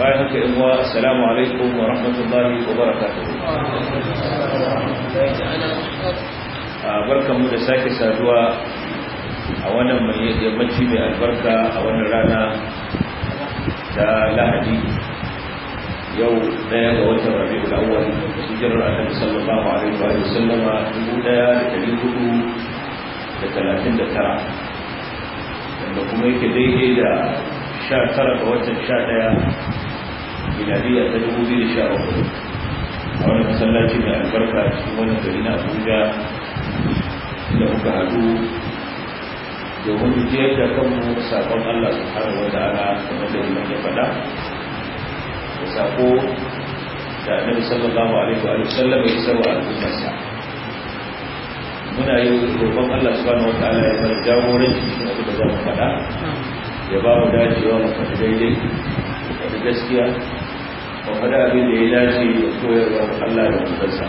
bayan haka yan uwa assalamu alaikum wa rahmatullahi wa barakatuh barkanmu da sake saduwa a wannan mai yammaci mai albarka a wannan rana ta lahadi yau daya ga watan rabi'ul awwal hijirar annabi sallallahu alaihi wa sallama dubu daya da dari da talatin da tara wanda kuma yake daidai da sha tara ga watan sha daya miladiya ta dubu biyu da sha uku a wani masallaci mai albarka a cikin wani gari na abuja da muka haɗu domin jiyar da kanmu sakon allah subhanahu wa ta'ala kamar da wani ya faɗa da sako da annabi sallallahu alaihi wa sallama ya sarwa al'ummarsa muna yi roƙon allah bani wata ala ya bar jagoranci cikin abin da za mu faɗa ya ba mu dacewa mu faɗi daidai da gaskiya ba abin da ya dace da koyarwar Allah da mutansa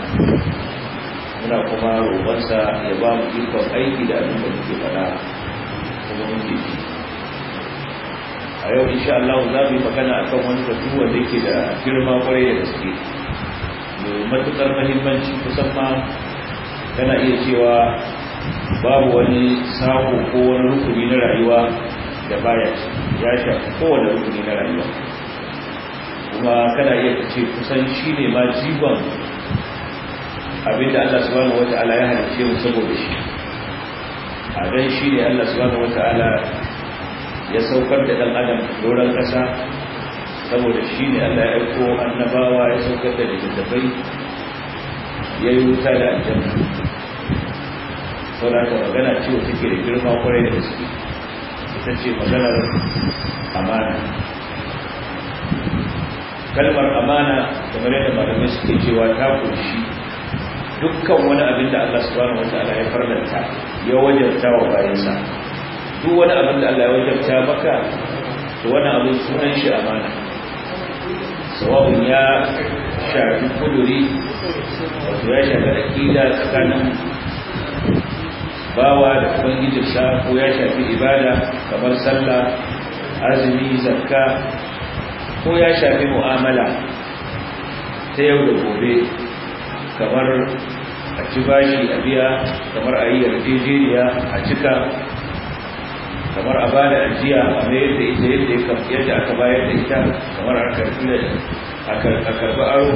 muna kuma roƙonsa ya ba mu ikon aiki da abin da muke faɗa kuma muke ji a yau insha Allah za mu yi magana akan wani batu wanda yake da girma kwarai da gaske mai matuƙar mahimmanci kusan ma iya cewa babu wani sako ko wani rukuni na rayuwa da baya ya shafi kowane rukuni na rayuwa kuma kana iya ce kusan shi ne ma jigon abinda Allah subhanahu ta'ala ya halice mu saboda shi a dan shi ne Allah subhanahu ta'ala ya saukar da dan adam doron kasa saboda shi ne Allah ya aiko annabawa ya saukar da littattafai ya yi wuta da aljanna saboda magana ciwo take ke da girma kwarai da gaske ita ce maganar amana kalmar amana kamar yadda malamai suke cewa ta kunshi dukkan wani abin da Allah subhanahu wataala ya farlanta ya wajarta wa bayansa duk wani abin da Allah ya wajarta maka to wani abin sunan shi amana sawabin ya shafi kuduri wato ya shafi akida tsakanin bawa da ubangijinsa ko ya shafi ibada kamar sallah azumi zakka ko ya shafi mu'amala ta yau da gobe kamar a ci bashi a biya kamar a yi yarjejeniya a cika kamar a bada ajiya a mayar da ita yadda yadda aka bayar da ita kamar a karfi a karfi aro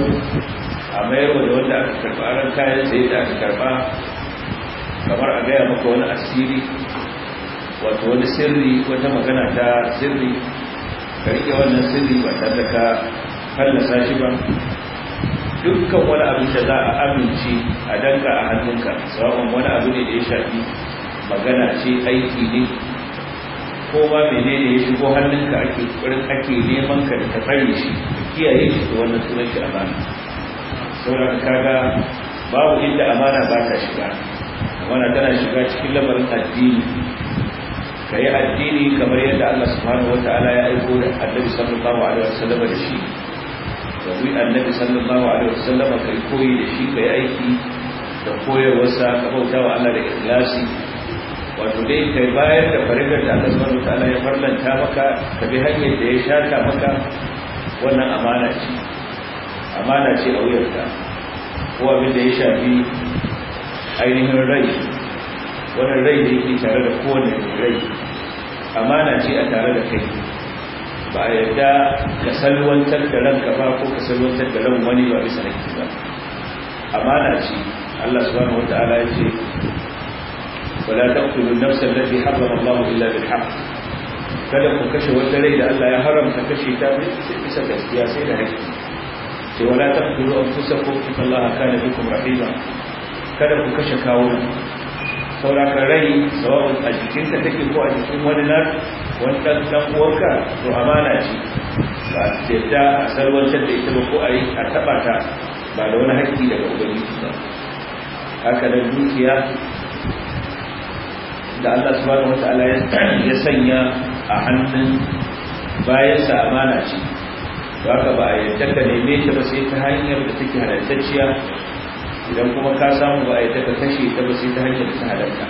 a mayar da wanda aka karfi aron kayan sai da aka karba kamar a gaya maka wani asiri wato wani sirri wata magana ta sirri ka rike wannan sirri ba tare da ka fallasa shi ba dukkan wani abu da za a amince a danka a hannunka tsawon wani abu ne da ya shafi magana ce aiki ne ko ma menene ya shigo hannunka ake kurin ake neman ka da tafari shi kiyaye shi da wannan sunan shi amana sauran kaga babu inda amana ba ta shiga amana tana shiga cikin lamarin addini ka yi addini kamar yadda Allah subhanahu ta'ala ya aiko da annabi sallallahu alaihi wasallam da shi ka bi annabi sallallahu alaihi wasallam ka yi koyi da shi ka yi aiki da koyarwarsa ka bauta wa Allah da ikhlasi wato dai kai bayar da farigar da Allah subhanahu ta'ala ya farlanta maka ka bi hanyar da ya shata maka wannan amana ce amana ce a wuyarka ko abin da ya shafi ainihin rai wannan rai da yake tare da kowane rai amana ce a tare da kai ba a yarda ka salwantar da ranka ba ko ka salwantar da ran wani ba bisa haƙƙi ba amana ce Allah subhanahu wata'ala ya ce wala taqtulu an-nafsa allati harrama Allah illa bil haqq kada ku kashe wata rai da Allah ya haramta kashe ta bisa gaskiya sai da haƙƙi sai wala taqtulu anfusakum inna Allah kana bikum rahima kada ku kashe kawunku sauraka rai sababin a jikinka take ko a jikin wani nan wani ɗan ɗan uwanka to amana ce ba yadda a salwantar da ita ba ko a yi a taɓa ta ba da wani haƙƙi daga ubangiji ba haka da dukiya da Allah wata wata'ala ya sanya a hannun bayansa amana ce ba ka ba a yadda ka neme ta ba sai ta hanyar da take halartacciya idan kuma ka samu ba a yadda ka kashe ta ba sai ta hanyar sun halarta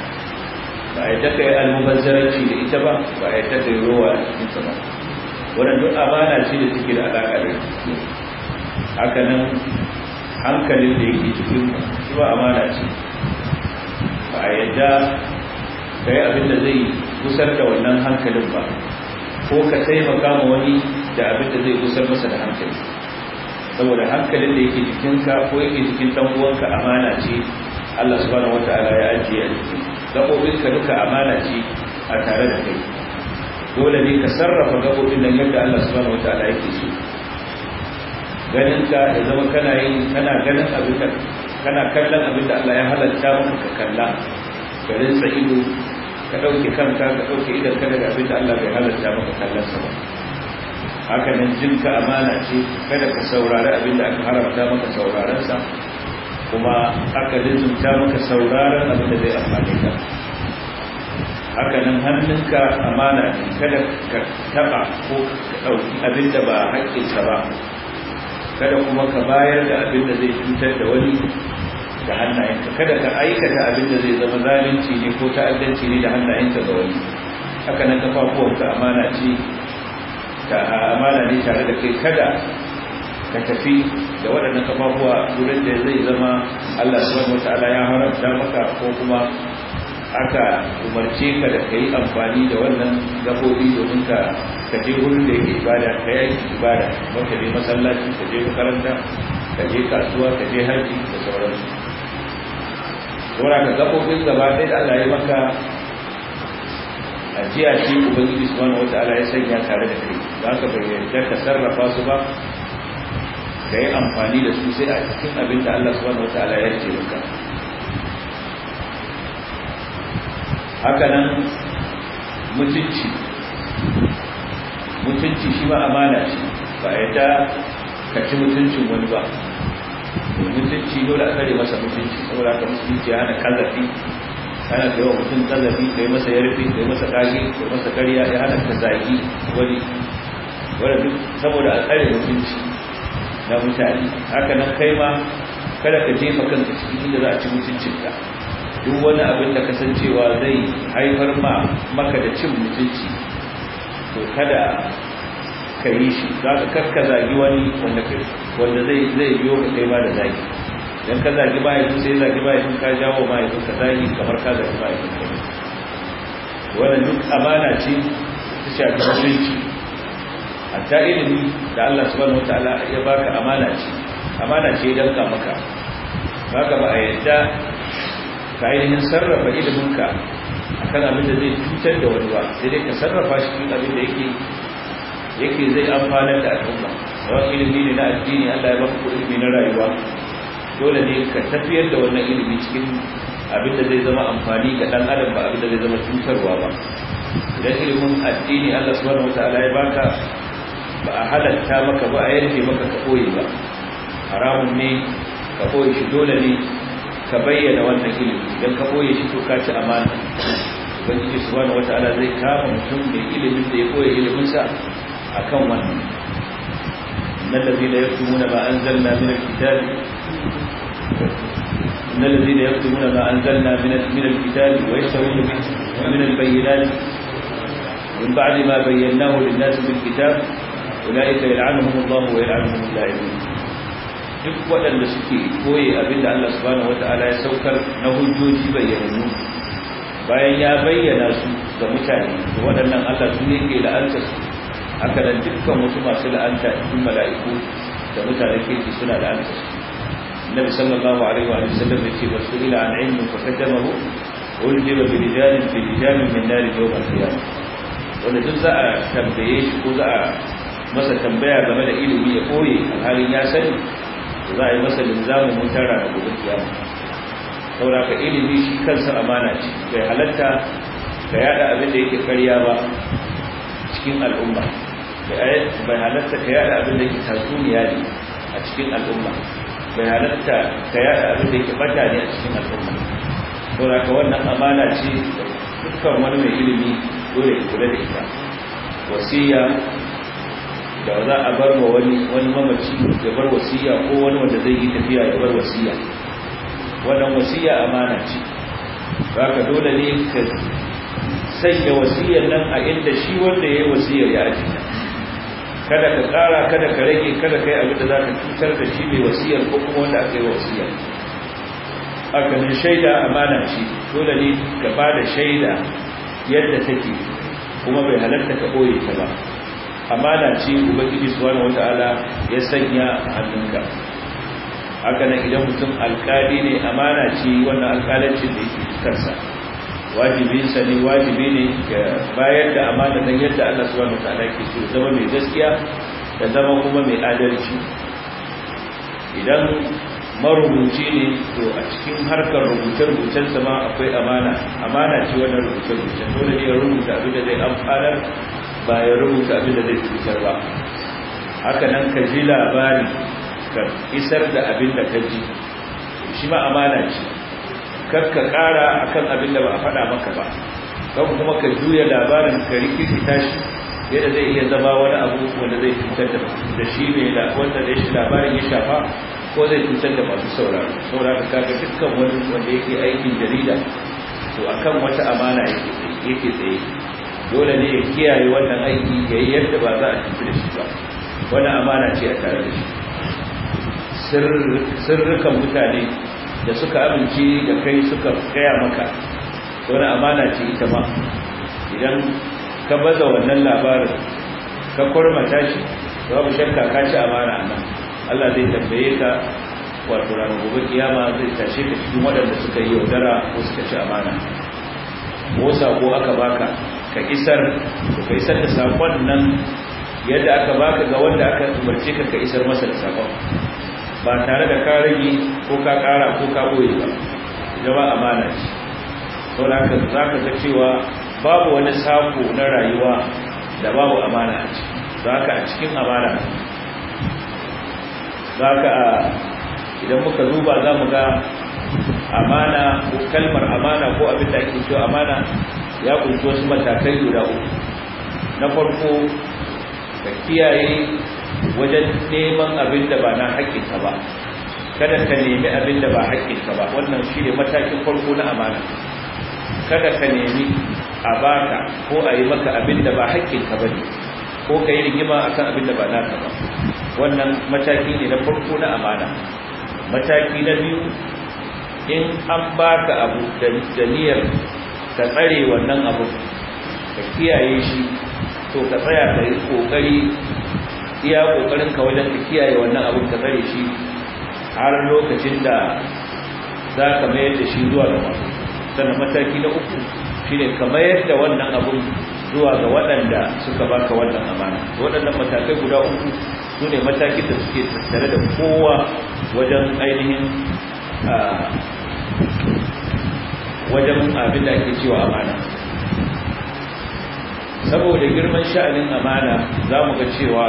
ba a yadda ka yi almubazzaranci da ita ba ba a yadda ka yi rowa a cikinsa ba wannan duk amana ce da take da alaƙa da haka nan hankalin da yake cikin shi ba amana ce ba a yadda ka yi abin da zai kusar da wannan hankalin ba ko ka taimaka ma wani da abin da zai kusar masa da hankali saboda hankalin da yake jikinka ko yake jikin dan uwanka amana ce Allah subhanahu wataala ya ajiye a jiki gabobinka duka amana ce a tare da kai dole ne ka sarrafa gabobin nan yadda Allah subhanahu wataala yake so ganin ka ya zama kana yin kana ganin abin da kana kallon abin da Allah ya halatta maka ka kalla ka rinsa ido ka dauke kanka ka dauke idan ka daga abin da Allah bai halatta maka kallon sa ba haka nan jinka amana ce kada ka saurari abin da aka haramta maka saurarensa kuma aka lizunta maka sauraron abin da zai amfani ka haka nan hannunka amana ne kada ka taba ko ka ɗauki abin da ba haƙƙinsa ba kada kuma ka bayar da abin da zai cutar da wani da hannayenka kada ka aikata abin da zai zama zalunci ne ko ta'addanci ne da hannayenka ga wani haka nan kafafuwanka amana ce amana ne tare da kai kada ka tafi da waɗannan kafafuwa wurin da zai zama Allah subhanahu ta'ala ya haramta maka ko kuma aka umarce ka da kai amfani da wannan gabobi domin ka ka wurin da yake ibada ka yi ibada ka je masallaci ka je makaranta ka je kasuwa ka je haji da sauransu saboda ka gabobin gaba ɗaya da Allah ya maka ajiya shi ubangiji subhanahu wataala ya sanya tare da kai za ka bai yarda ka sarrafa su ba ka yi amfani da su sai a cikin abin da Allah subhanahu wataala ya ce maka haka nan mutunci mutunci shi ba amana ce ba ya ta kaci mutuncin wani ba mutunci dole a kare masa mutunci saboda ka mutunci ya hana kallafi kana da yawan mutum tallafi kai masa yarfi kai masa kage kai masa karya, ya hana ka zagi wani wanda duk saboda a mutunci na mutane haka nan kai ma kada ka jefa kanka cikin inda za a ci mutuncinka duk wani abin da kasancewa zai haifar ma maka da cin mutunci to kada ka yi shi za ka kakka zagi wani wanda zai biyo ka kai ma da zagi Idan ka zagi mahaifin sai zagi mahaifin ka jawo mahaifin ka zagi kamar ka zagi mahaifin ka wannan duk amana ce ta shafi musulunci hatta ilimi da Allah subhanahu wataala ya baka amana ce amana ce idan ka maka baka ba a yadda ka ainihin sarrafa iliminka akan abin da zai cutar da wani ba sai dai ka sarrafa shi cikin abin da yake yake zai amfanar da al'umma wa ilimi ne na addini Allah ya baka ilimi na rayuwa dole ne ka tafiyar da wannan ilimi cikin abin da zai zama amfani ga dan adam ba abin da zai zama cutarwa ba idan ilimin addini Allah subhanahu wataala ya baka ba a halatta maka ba a yanke maka ka koyi ba haramun ne ka koyi shi dole ne ka bayyana wannan ilimi idan ka koyi shi to ka ci amana ubangiji subhanahu wataala zai kama mutum mai ilimin da ya koyi iliminsa akan wannan الذين يكتمون ما أنزلنا من الكتاب إن الذين يقدمون ما أنزلنا من الكتاب ويشترون من البينات من بعد ما بيناه للناس بالكتاب أولئك يلعنهم الله ويلعنهم اللاعبين duk waɗanda suke koyi abinda Allah subhanahu wata'ala ya saukar na hujjoji bayyanannu bayan ya bayyana su ga mutane da waɗannan Allah su ne ke la'anta su haka nan dukkan wasu masu la'anta cikin mala'iku da mutane ke suna la'anta su النبي صلى الله عليه وآله وسلم يكتب وسئل عن علم فكتمه ألجم برجال برجال من نار يوم القيامة wanda duk za a tambaye shi ko za a masa tambaya game da ilimi ya koye alhalin ya sani za a yi masa linzamin mutara da gobe kiyama saboda ka ilimi shi kansa amana ce bai halatta ka yada abin da yake karya ba cikin al'umma bai halatta ka yada abin da yake tatsuniya ne a cikin al'umma bayananta ta ka sa abin da yake bata ne a cikin al'umma don ka wannan amana ce dukkan wani mai ilimi dole ya kula da ita wasiya da za a bar wa wani wani mamaci ya bar wasiya ko wani wanda zai yi tafiya ya bar wasiya wannan wasiya amana ce ka dole ne ka sanya wasiyar nan a inda shi wanda ya yi wasiyar ya ajiye kada ka tsara kada ka rage kada kai abin da za ka cutar da shi mai wasiyar ko kuma wanda aka yi wa wasiyar kanin shaida amana ce dole ne ka ba da shaida yadda take kuma bai halarta ka ɓoye ta ba amana ce ubangiji wata wata'ala ya sanya hannunka kanin idan mutum alkali ne amana ce wannan alkalancin da yake kansa wajibi sani wajibi ne ga da amana dan yadda Allah subhanahu wataala yake so zama mai gaskiya da zama kuma mai adalci idan marubuci ne to a cikin harkar rubuce-rubucen sama akwai amana amana ce wannan rubuce-rubucen dole ne ya rubuta abin da zai amfanar ba ya rubuta abin da zai cutar ba haka nan ka ji labari ka isar da abin da ka ji shi ma amana ce karka kara akan abin da ba a faɗa maka ba don kuma ka juya labarin ka rikita shi yadda zai iya zama wani abu wanda zai cutar da shi mai wanda da shi labarin ya shafa ko zai cutar da masu sauraro sauraro ga dukkan wani wanda yake aikin jarida to akan wata amana yake tsaye dole ne ya kiyaye wannan aiki ya yi yadda ba za a tafi da shi ba wani amana ce a tare da shi sirrukan mutane da suka amince da kai suka tsaya maka wani amana ce ita ma idan ka baza wannan labarin ka kurmata shi babu shakka ka ci amana nan Allah zai tambaye ka wato ranar gobe kiyama zai tashe ka cikin waɗanda suka yi yaudara ko suka ci amana Musa ko aka baka ka isar ka isar da sakon nan yadda aka baka ga wanda aka umarce ka ka isar masa da sakon ba tare da ka rage ko ka ƙara ko ka ɓoye ba ba amana ce sau za ka ga cewa babu wani sako na rayuwa da babu amana ce za ka a cikin amana za ka a idan muka duba za mu ga amana ko kalmar amana ko abin da ake cewa amana ya kunshi wasu matakai guda uku na farko da kiyaye wajen neman abin da ba na haƙƙinsa ba kada ka nemi abin da ba haƙƙinsa ba wannan shi ne matakin farko na amana kada ka nemi a baka ko a yi maka abin da ba haƙƙinka ba ne ko ka yi rigima a kan abin da ba naka ba wannan mataki ne na farko na amana mataki na biyu in an baka abu da niyyar ka tsare wannan abu ka kiyaye shi to ka tsaya ka yi ƙoƙari iya kokarin ka wajen ka kiyaye wannan abin ka tsare shi har lokacin da za ka mayar da shi zuwa ga wasu sannan mataki na uku shine ka mayar da wannan abin zuwa ga waɗanda suka baka wannan amana waɗannan matakai guda uku su ne matakin da suke tattare da kowa wajen ainihin ah, wajen abin da ake cewa amana saboda girman sha'anin amana za mu ga cewa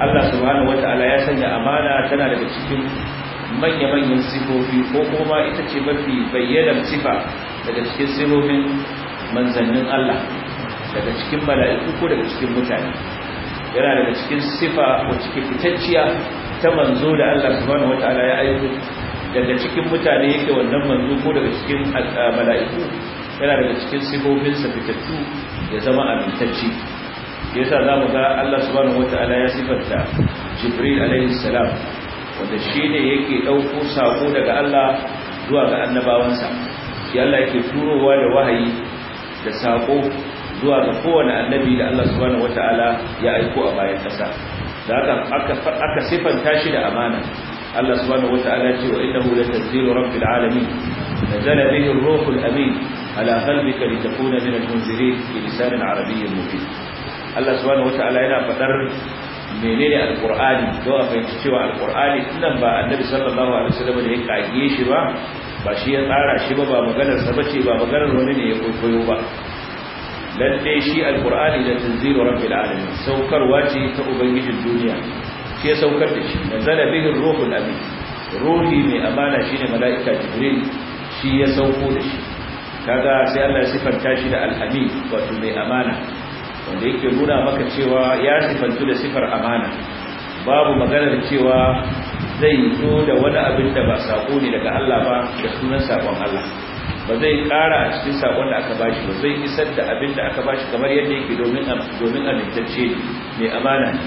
Allah subhanahu ta'ala ya sanya amana tana daga cikin manya-manyan sifofi ko kuma ita ce mafi bayyanar sifa daga cikin sifofin manzannin Allah daga cikin mala'iku ko daga cikin mutane yana daga cikin sifa ko cikin fitacciya ta manzo da Allah subhanahu ta'ala ya aiko daga cikin mutane yake wannan manzo ko daga cikin ah, mala'iku yana daga cikin sifofinsa fitattu ya zama amintacci yasa za mu ga Allah subhanahu wata'ala ya sifarta Jibril alaihi salam wanda shine yake dauko sako daga Allah zuwa ga annabawansa shi Allah yake turowa da wahayi da sako zuwa ga kowane annabi da Allah subhanahu wata'ala ya aiko a bayan kasa da haka aka sifanta shi da amana Allah subhanahu wata'ala ce wa innahu latanzilu rabbil alamin nazala bihi ar-ruhul amin على قلبك لتكون من المنذرين في لسان عربي مفيد الله سبحانه وتعالى هنا فتر منين القران دو في شو القران انما النبي صلى الله عليه وسلم اللي هيك قايل شي با باش يا تارا شي با مغنر سبشي با مغنر وني ني يقولوا با لدي شي القران اذا تنزيل رب العالمين سوكر واجي تؤبنجي الدنيا شي سوكر شي نزل به الروح الامين روحي من امانه شي ملائكه جبريل شي يسوكو شي kaga sai Allah ya sifanta shi da alhami wato mai amana wanda yake nuna maka cewa ya sifantu da sifar amana babu maganar cewa zai zo da wani abin da ba sako ne daga Allah ba da sunan sakon Allah ba zai kara a cikin sakon da aka bashi ba zai isar da abin da aka bashi kamar yadda yake domin domin amintacce ne mai amana ne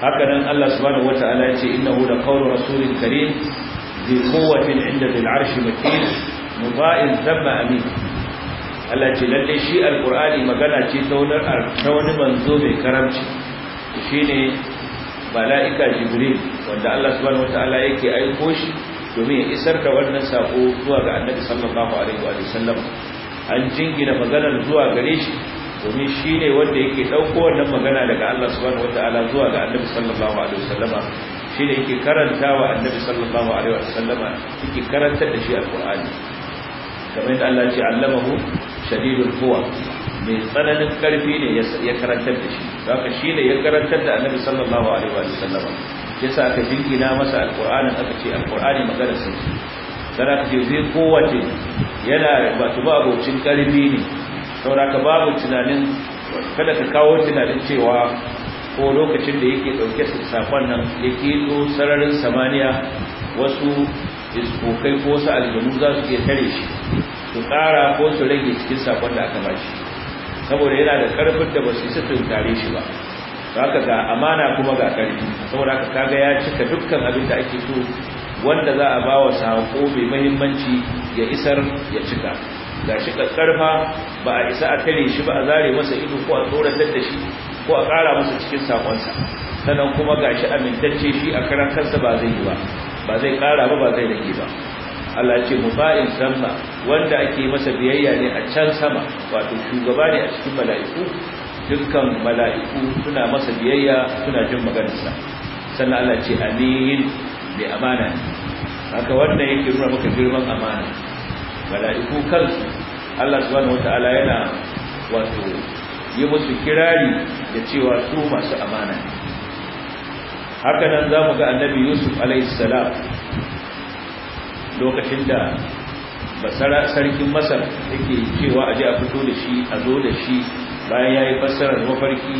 haka nan Allah subhanahu wataala ya ce innahu laqawlu rasulin karim ذي قوة inda ذي العرش مكين muba'in zamma amin Allah ce lalle shi alqur'ani magana ce ta wani manzo mai karamci ne mala'ika jibril wanda Allah subhanahu wataala yake aiko shi domin ya isar da wannan sako zuwa ga annabi sallallahu alaihi wa sallam an jingina maganar zuwa gare shi domin shi ne wanda yake dauko wannan magana daga Allah subhanahu wata'ala zuwa ga annabi sallallahu alaihi sallam shi ne yake karanta wa annabi sallallahu alaihi sallam yake karantar da shi alkur'ani kamar yadda Allah ce allamahu shadidul quwa mai tsananin karfi ne ya karantar da shi haka shi ne ya karantar da annabi sallallahu alaihi wa sallam yasa aka jingina masa alqur'ani aka ce alqur'ani magana sa sai aka ce zai kowace yana wato ba abocin karfi ne sauraka babu tunanin kada ka kawo tunanin cewa ko lokacin da yake dauke sakon nan yake zo sararin samaniya wasu iskokai ko wasu aljanu za su iya tare shi su kara ko su rage cikin sakon da aka bashi saboda yana da karfin da basu su tun tare shi ba ka ga amana kuma ga karfi saboda haka kaga ya cika dukkan abin da ake so wanda za a bawa sako mai mahimmanci ya isar ya cika ga shi karfa ba a isa a tare shi ba a zare masa ido ko a tsoratar da shi ko a kara masa cikin sakonsa sannan kuma ga shi amintacce shi a karan kansa ba zai yi ba ba zai kara ba ba zai rage ba Allah ce mufa'in sama wanda ake masa biyayya ne a can sama wato shugaba ne a cikin mala'iku dukkan mala'iku suna masa biyayya suna jin maganarsa sannan Allah ce amin bi amana haka wannan yake nuna maka girman amana mala'iku kansu Allah subhanahu wata'ala yana wato yi musu kirari da cewa su masu amana ne haka nan za mu ga annabi yusuf alaihissalam lokacin da basara sarkin masar yake cewa aje a fito da shi a zo da shi bayan ya yi fassarar mafarki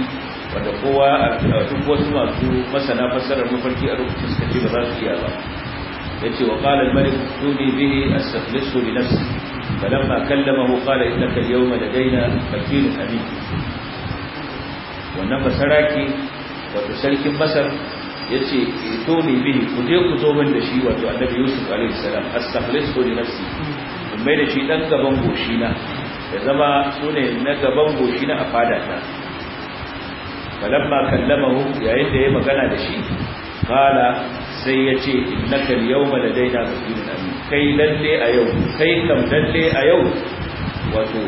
wanda kowa a duk wasu masu masana fassarar mafarki a lokacin suka ce ba za su iya ba ya ce wa ƙalar malik tuni bihi a saflisu bi nafsi falamma kallamahu qala innaka al-yawma ladaina makinun amin wannan basara ke wato sarkin masar yace to ne bihi ku je ku zo min da shi wato annabi yusuf alaihi salam astaghfiru li nafsi in mai da shi dan gaban goshi na ya zama sune na gaban goshi na a fada ta falamma kallamahu yayin da ya magana da shi qala sai yace innaka al-yawma ladaina qadirun amin kai lalle a yau kai kam lalle a yau wato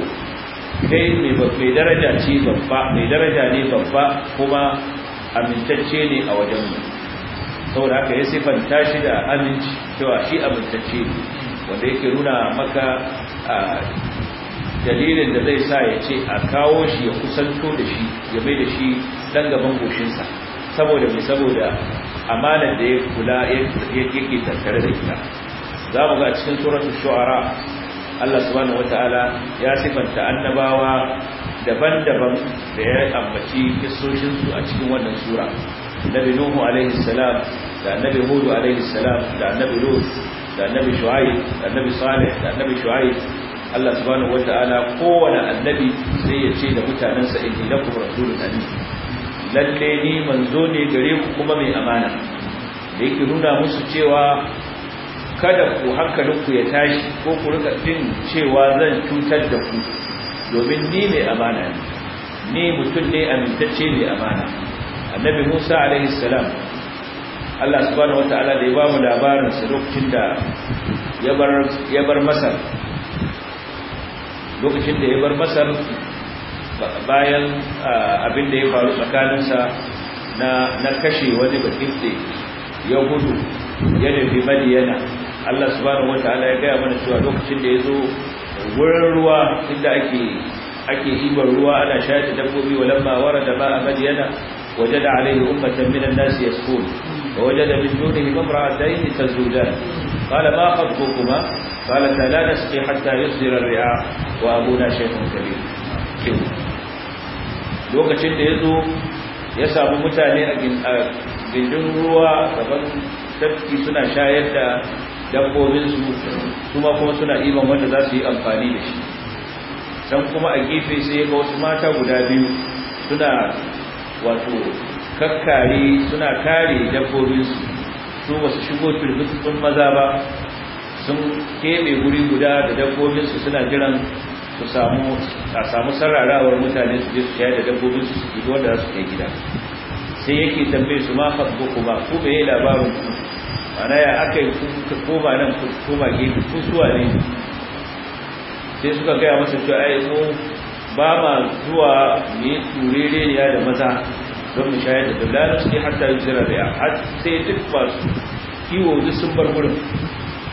kai mai daraja ce babba mai daraja ne babba kuma amintacce ne a wajenmu mu saboda haka ya sifanta shi da aminci cewa shi amintacce ne wanda yake nuna maka dalilin da zai sa ya ce a kawo shi ya kusanto da shi ya mai da shi dan gaban goshinsa saboda mai saboda amanar da ya kula yake tattare da ita za mu ga cikin suratul shu'ara Allah subhanahu ta'ala ya sifanta annabawa daban-daban da ya ambaci kissoshinsu a cikin wannan sura Nabi nuhu alaihi salam da nabi hudu alaihi salam da nabi lut da nabi shu'aib da nabi salih da nabi shu'aib Allah subhanahu wata'ala kowane annabi sai ya ce da mutanensa in inni lakum rasulun amin lalle ni manzo ne gare ku kuma mai amana da yake nuna musu cewa kada ku hankalinku ya tashi ko ku rika jin cewa zan cutar da ku domin ni mai amana ne ni mutum ne amintacce mai amana annabi Musa alaihi salam Allah subhanahu wataala da ya ba mu labarin su lokacin da ya bar Masar lokacin da ya bar Masar bayan abin da ya faru tsakaninsa na na kashe wani bakirte ya gudu ya nufi madiyana Allah subhanahu wataala ya gaya mana cewa lokacin da ya zo wurin ruwa inda ake ake ibar ruwa ana shayar da dabbobi walamma warada ba'a madiyana wajada alaihi ummatan minan nasi yasqun ووجد من دونه qala ma قال qala la nasqi hatta نسقي ar-ri'a wa abuna شيخ kabir lokacin da ya zo ya samu mutane a gindin ruwa gaban tafki suna shayar da dabbobinsu su kuma suna iban wanda za su yi amfani da shi dan kuma a gefe sai ga wasu mata guda biyu suna wato kakkare suna kare dabbobinsu su su wasu shigo turbitin maza ba sun keɓe guri guda da dabbobinsu suna jiran su samu a samu sararawar mutane su je su yi da dabbobinsu su wanda da su ke gida sai yake tambaye su ma fasbo kuma ku yi labarin ku mana ya aka yi kuka koma nan koma gefe kusuwa ne sai suka gaya masa cewa ai mu ba ma zuwa mai turere ya da maza don mu shayar da dalilan su ne hatta yi zira da ya har sai duk masu kiwo da sun bar wurin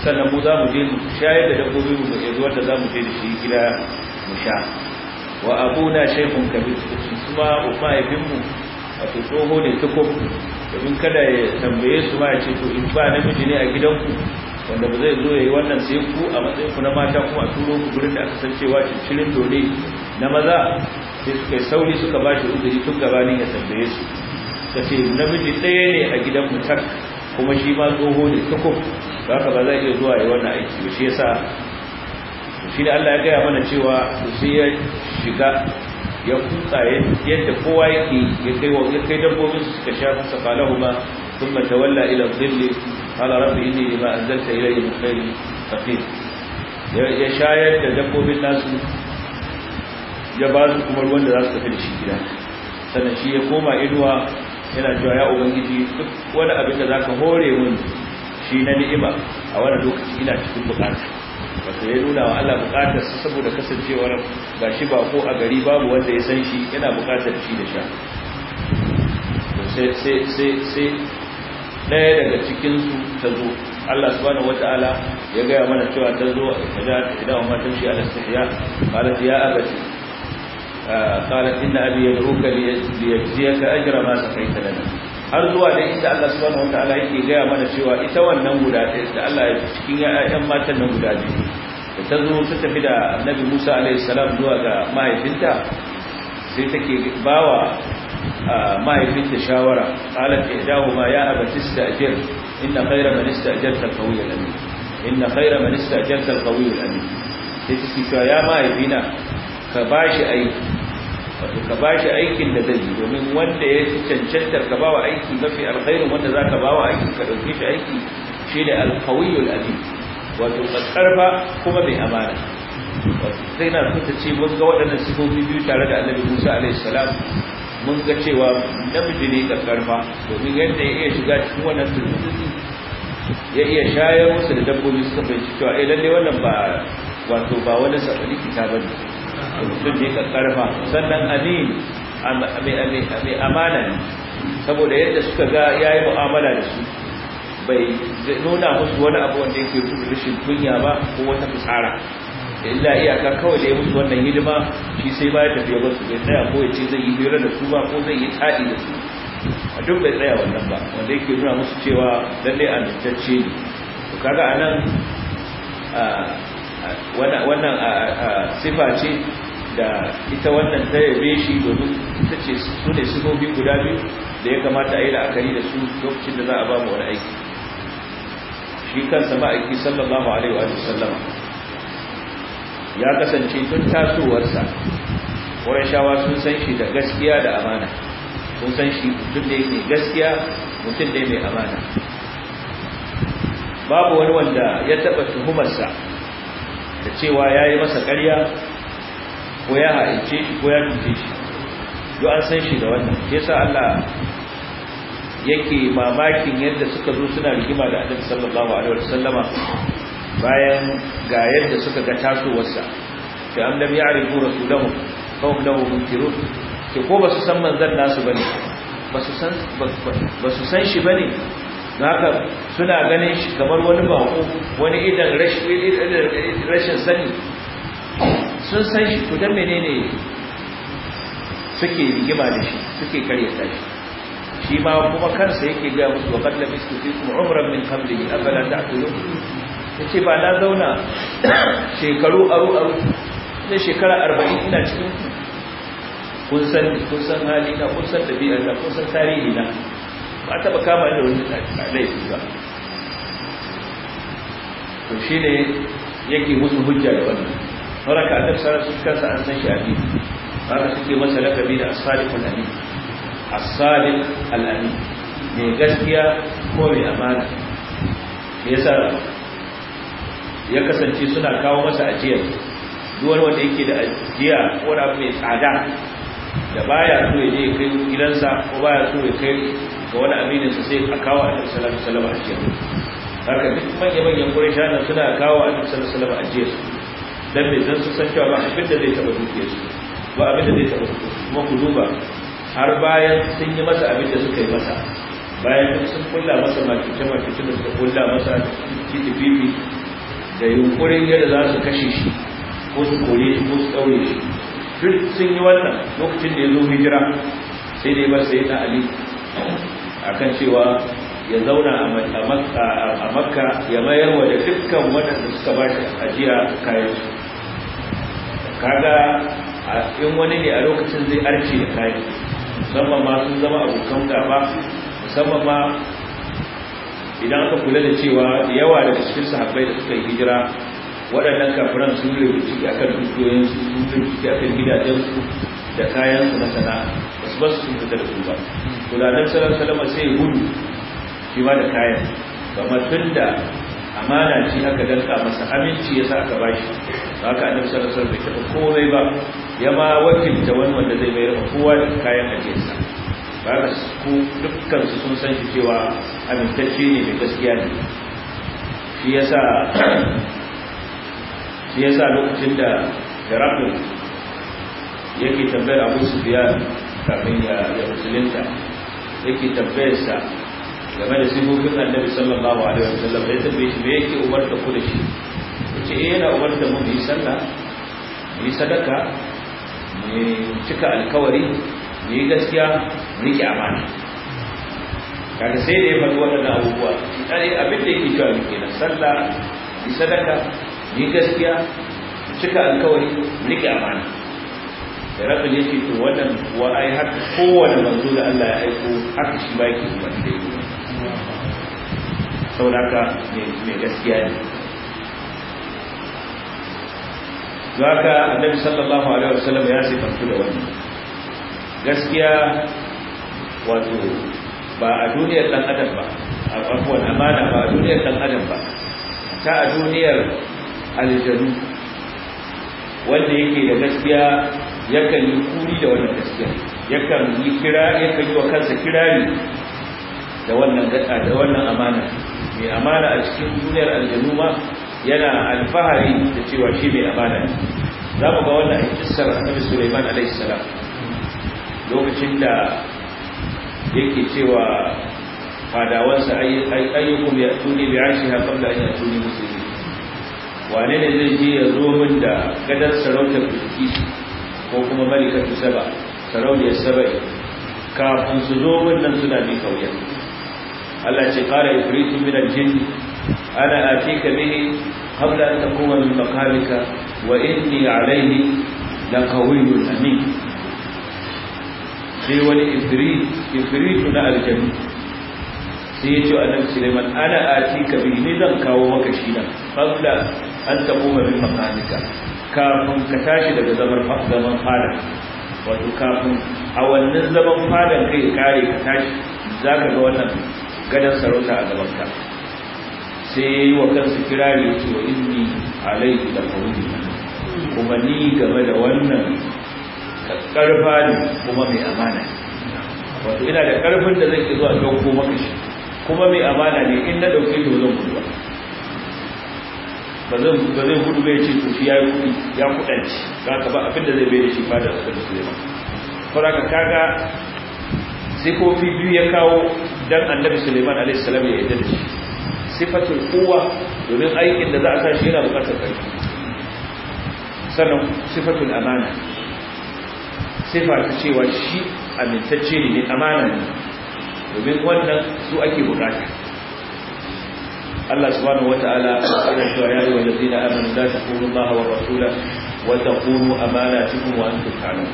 sannan mu za mu je mu shayar da dabbobi mu ga zuwa da za mu je da shi gida mu sha wa abu abuna shaykhun kabir kuma mahaifinmu a tsoho ne tukun domin kada ya tambaye su ma ya ce to in ba namiji ne a gidanku wanda ba zai zo ya yi wannan sai ku a matsayin ku na mata kuma a turo ku gurin da aka san cewa cincirin dole na maza sai suka yi sauri suka ba shi uzuri tun gabanin ya tambaye su ka ce namiji ɗaya ne a gidan mutar kuma shi ma tsoho ne tukuf Ba haka ba zai iya zuwa yi wannan aiki ba shi yasa shi da Allah ya gaya mana cewa sai ya shiga ya kutsa yadda kowa yake ya kai wa ya kai dabbobin su suka sha masa falahu ba thumma walla ila zille hala rabbi inni ma anzalta ilayya min khairin faqir ya shayar da dabbobin nasu ya ba su kuma ruwan da za su tafi da shi gida sannan shi ya koma inuwa yana cewa ya ubangiji duk wani abin da zaka hore mun shi na ni'ima a wani lokaci ina cikin bukata Wata ya nuna wa Allah bukatar su saboda kasancewar shi ba ko a gari babu wanda ya san shi yana bukatar ci da sha sai sai sai sai daya daga cikin ta zo Allah subhanahu ya gaya mana cewa ta zo idan amma ta shi al-istihya qalat ya abati ah, qalat inna abi ka liyajziyaka ajra ma saqaita lana har zuwa da inda Allah subhanahu wataala yake gaya mana cewa ita wannan guda ɗaya da Allah ya cikin ƴaƴan matan nan guda biyu da ta zo ta tafi da Annabi Musa alaihi salam zuwa ga mahaifinta sai take bawa mahaifinta shawara ya dawo ma ya abati istajir inna khayra man istajarta al-qawiy al-amin inna khayra man istajarta al-qawiy al-amin sai take cewa ya mahaifina ka bashi aiki wato ka ba shi aikin da zai domin wanda ya ci cancantar ka ba wa aiki mafi alkhairun, wanda za ka ba wa aiki ka ɗauke shi aiki shi da alkawiyul abin wato ƙarfa kuma mai amana sai na kuta ce mun ga waɗannan sifofi biyu tare da annabi musa alaihi salam mun ga cewa namiji ne ka ƙarfa domin yadda ya iya shiga cikin wannan turmutsutsi ya iya shayar musu da dabbobi suka fahimci cewa eh lalle wannan ba wato ba wani safari kita bane mutum ne karfa sannan amin mai amana ne saboda yadda suka ga ya yi mu'amala da su bai nuna musu wani abu wanda yake rufe rashin kunya ba ko wata fitsara illa iyaka kawai da ya musu wannan hidima shi sai ba ya tafiya ba su bai tsaya ko ya ce zai yi hira da su ba ko zai yi tsadi da su a duk bai tsaya wannan ba wanda yake nuna musu cewa lallai amintacce ne to kaga nan. Ah, wannan sifa ce da ita wannan ta yabe shi domin ita ce su ne sifofi guda biyu da ya kamata a yi la'akari da su lokacin da za a ba mu wani aiki shi kansa ma'aiki sallallahu alaihi wa sallama ya kasance tun tasowarsa shawa sun san shi da gaskiya da amana sun san shi mutum da mai gaskiya mutum da mai amana babu wani wanda ya taɓa tuhumarsa da cewa ya yi masa ƙarya ko ya haice shi ko ya tuce shi yau an san shi da wannan ke sa Allah yake mamakin yadda suka zo suna rigima da annabi sallallahu alaihi Sallama bayan ga yadda suka ga tasowarsa da an lam ya'rifu rasulahu kawai hum lahu munkirun ke ko ba su san manzan nasu ba ne? ba su san shi ba ne? haka suna ganin shi kamar wani bako wani idan rashin sani sun san shi kudan menene suke rigima da shi suke karyata shi shi ma kuma kansa yake ga musu wa kalla bisu fi kuma umran min a aka yi ya yace ba na zauna shekaru aru aru ne shekara arba'in ina cikin kun san hali na kun san dabi'a na kun san tarihi na ba taba kama da wani laifi ba to shi ne yake musu hujja da wannan haraka annabi sallallahu su kansa an san shi a biyu haka suke masa lakabi da asali sadiq Asali alani mai gaskiya ko mai amana ya yasa ya kasance suna kawo masa ajiyar duwar wanda yake da ajiya ko da mai tsada da baya so ya je kai gidansa ko baya so ya kai ga wani aminin sa sai a kawo annabi sallallahu alaihi wasallam ajiyar haka duk manyan manyan quraisha nan suna kawo annabi sallallahu alaihi wasallam ajiyar dan bai zan su san cewa ba abin da zai taba dukiyar su ba abin da zai taba kuma ku duba har bayan sun yi masa abin da suka yi masa bayan sun kulla masa makice makice da suka kulla masa titi bibi da yunkurin yadda za su kashe shi ko su kore shi ko su daure shi duk sun yi wannan lokacin da ya zo hijira sai dai bar sai ta ali akan cewa ya zauna a makka ya mayar wa da dukkan waɗanda suka ba shi ajiya kayan su kaga in wani ne a lokacin zai arce da kayan musamman ma sun zama abokan gaba musamman ma idan aka kula da cewa yawa daga cikin sahabbai da suka yi hijira waɗannan kafiran sun yi ciki akan su sun yi ciki akan gidajensu da kayansu na sana'a ba su ba su sun fita da su ba to da nan salam salama sai gudu shi ma da kayan ba tun da amana ce aka danka masa aminci ya sa aka bashi ba ka annabi sallallahu alaihi wasallam bai taɓa komai ba ya ma wakilta wani wanda zai bayar kowa da kayan ajiyarsa ba ka ku dukkan su sun san shi cewa amintacce ne mai gaskiya ne shi yasa shi sa lokacin da jarabin yake tambayar Abu biya kafin ya ya yake tambayar sa game da sifofin Annabi wa alaihi da ya tambaye shi me yake umarta ku da shi ce eh yana da mu yi mu yi sadaka mu cika alkawari mu yi gaskiya mu riƙe amana kada sai da ya faɗi waɗannan abubuwa shi ɗari abin da yake cewa kenan sallah yi sadaka yi gaskiya cika alkawari rike amana da rabin ya ce to wannan wa ai har kowane manzo da Allah ya aiko haka shi ba yake kuma da yi sauraka mai gaskiya ne zaka annabi sallallahu alaihi wasallam ya sifantu da wannan gaskiya wato ba a duniyar dan adam ba a kwakwan amana ba a duniyar dan adam ba ta a duniyar aljanu wanda yake da gaskiya yakan yi kuri da wannan gaskiya yakan yi kira yakan yi wa kansa kirari da wannan da wannan amana mai amana a cikin duniyar aljanu ma yana alfahari da cewa shi mai amana ne za mu ga wannan a kissar annabi Sulaiman alaihi salam lokacin da yake cewa fadawansa ayyukum ya'tuni bi'ashiha qabla an ya'tuni muslim wane ne zai je ya zo min da gadar sarauta biki ko kuma malikatu saba sarauniyar saba'i kafin su zo min nan suna bi kauyen Allah ce qala ifritu min al-jinn ana atika bihi qabla an taquma min maqamika wa inni alayhi qawiyyun amin sai wani ifrit ifritu na aljanna sai ya ce annabi Sulaiman ana atika bihi ne zan kawo maka shi nan qabla an taquma min maqamika kafin ka tashi daga zaman zaman fada wato kafin a wannan zaman fadan kai kare ka tashi za ka ga wannan gadan sarauta a gaban ka sai ya yi wa kansa kirari yace wa inni alaihi da qawli kuma ni game da wannan karfa ne kuma mai amana wato ina da karfin da zan ki zuwa ko maka shi kuma mai amana ne in na dauke to zan kuwa ba zai gudu bai ce to shi ya yi kudi ya kudanci za ka ba abinda zai bai da shi fada da kudi zai ba ka kaga kofi biyu ya kawo dan annabi suleiman alaihi salam ya yadda da shi sifatul kowa domin aikin da za a tashi yana bukatar kai sannan sifatul amana sifa ta cewa shi amintacce ne amana ne domin wannan su ake bukata Allah subhanahu wataala yana cewa ya ayyuhal ladina amanu la taqulu Allah wa rasula wa taqulu amanatikum wa antum ta'lamun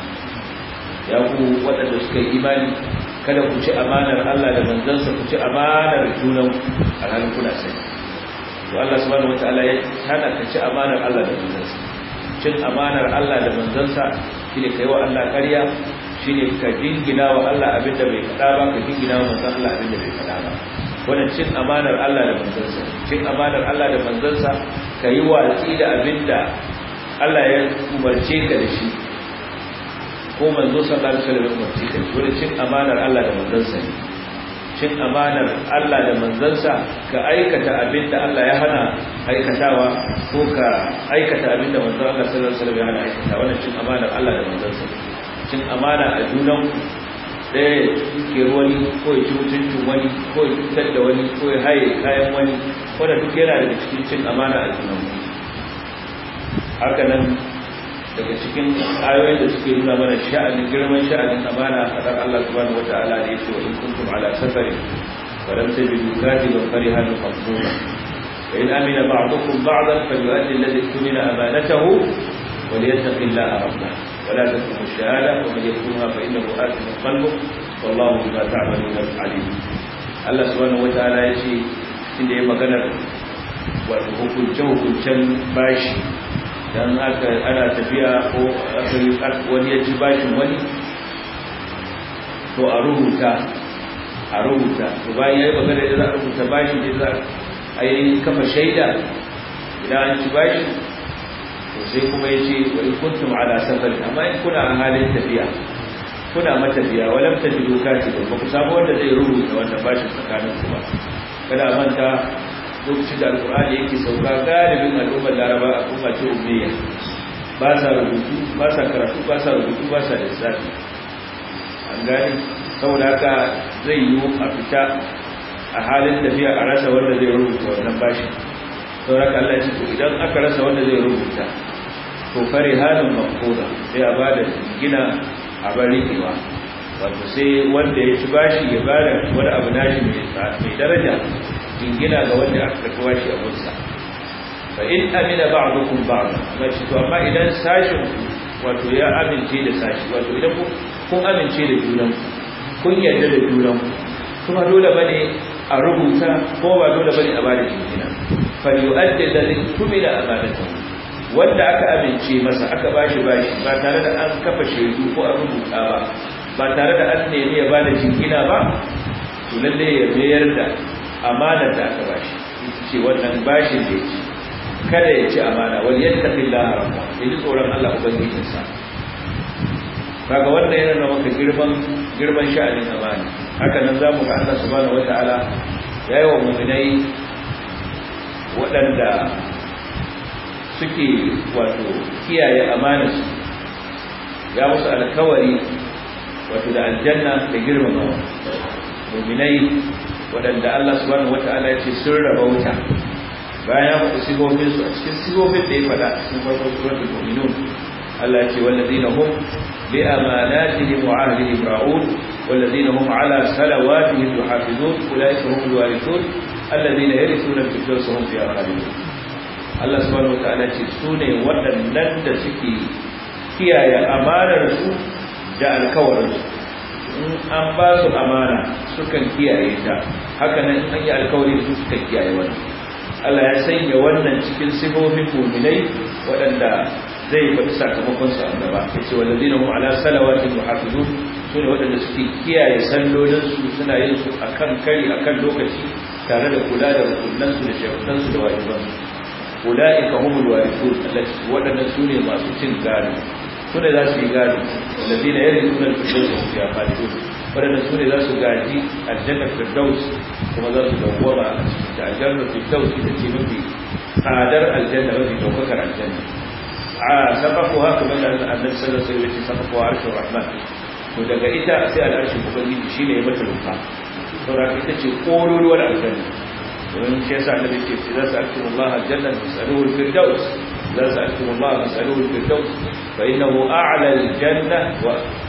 ya ku wadanda suka yi imani kada ku ci amanar Allah da manzansa ku ci amanar junan a ranar kuna sai to Allah subhanahu wataala ya hana ka ci amanar Allah da manzansa cin amanar Allah da manzansa shine kai wa Allah ƙarya shine ka jingina wa Allah abinda bai faɗa ba ka jingina wa manzon Allah abinda bai faɗa ba wannan cin amanar Allah da manzansa cin amanar Allah da manzansa ka yi watsi da abinda Allah ya umarce ka da shi ko manzo sallallahu alaihi wasallam umarce ka shi, wannan cin amanar Allah da manzansa cin amanar Allah da manzansa ka aikata abinda Allah ya hana aikatawa ko ka aikata abinda manzo Allah sallallahu alaihi wasallam ya hana aikatawa wannan cin amanar Allah da manzansa cin amana a junanku Sai suke wani ko yi ci wani ko yi cutar da wani ko yi haye kayan wani da duk yana daga cikin cin amana a junan haka nan daga cikin ayoyin da suke nuna mana sha'anin girman sha'anin amana a fadar Allah subhanahu wata'ala da yake wa in kuntum ala bi dukati tajidu fari hannu maqsuma fa in amina ba'dukum ba'dan falyu'addi alladhi tumina amanatahu wa liyattaqi a rabbah ولا تكتموا الشهادة ومن يكتمها فإنه آثم قلبه والله بما تعملون عليم الله سبحانه وتعالى يجي inda ya maganar wato hukunce-hukuncen bashi dan aka ana tafiya ko aka yi wani ya ci bashin wani to a rubuta a rubuta to bayan ya yi maganar da za a rubuta bashin da za a yi kafa shaida idan an ci bashin to sai kuma ya ce wa in kuntum ala safar amma in kuna halin tafiya kuna matafiya walam tajidu katiban ba ku samu wanda zai rubuta wannan bashin tsakanin ku ba kada manta lokacin da alqur'ani yake sauka galibin al'ummar laraba kuma ce ummiya ba sa rubutu ba sa karatu ba sa rubutu ba sa lissafi an gane saboda haka zai yiwu a fita a halin tafiya a rasa wanda zai rubuta wannan bashi sauraka Allah ce idan aka rasa wanda zai rubuta to fari halin makoda sai a bada gina a bari kewa wato sai wanda ya ci bashi ya bada wani abu nashi mai daraja jingina ga wanda aka karɓi bashi a sa. fa in amina ba'dukum ba'd ba. shi to amma idan sashin wato ya amince da sashi wato idan kun amince da junan kun yarda da junan kuma dole bane a rubuta ko ba dole bane a bada jingina fa yu'addi alladhi kumila amanatahu wanda aka amince masa aka bashi bashi ba tare da an kafa shaidu ko an rubuta ba ba tare da an nemi ya bada jingina ba to lalle ya mayar da amana da aka bashi ce wannan bashin da yake kada ya ci amana wal yattaqillaha rabba in tsoron Allah ubangijinsa kaga wannan yana nuna maka girman girman sha'anin amana haka nan zamu ga Allah subhanahu wataala yayi wa mu'minai waɗanda suke wato kiyaye amanarsu ya musu alkawari wato da aljanna da girmama muminai waɗanda Allah subhanahu wata'ala ya ce sun raba wuta bayan ya faɗi su a cikin sigofin da ya faɗa sun farko suratul mu'minun Allah ya ce wallazina hum bi amanatihim wa ahdihim ra'un wallazina hum ala salawatihim yuhafizun ulaika humul warithun alladhina yarithuna al-firdausa hum fiha khalidun Allah subhanahu wataala ce su ne waɗannan da suke kiyaye amanar su da alkawarin su in an ba su amana sukan kiyaye ta haka nan an yi alkawari su suka kiyaye wannan Allah ya sanya wannan cikin sifofin mu'minai waɗanda zai faɗi sakamakon su a gaba yace wallazina hum ala salawatihim yuhafizun sune waɗanda suke kiyaye sallolin su suna yin su akan kari akan lokaci tare da kula da rukunan da sharuɗan da wajibansu ulaika humul warithun wadannan sune masu cin gado sune za su yi gado alladina yarithuna al-firdaus hum fiha khalidun wadannan sune za su gaji aljanna firdaus kuma za su dawwama a cikin ta aljanna firdaus da ce mafi tsadar aljanna mafi daukakar aljanna a sabakuwa kamar da annabi sallallahu alaihi wasallam ya ce sabakuwa arshur rahman to daga ita sai al'arshin ubangiji shine ya mata rufa saboda ita ce kololuwar aljanna domin shi yasa da yake ce za su akimu aljanna masaluhu alfirdaus za su akimu Allah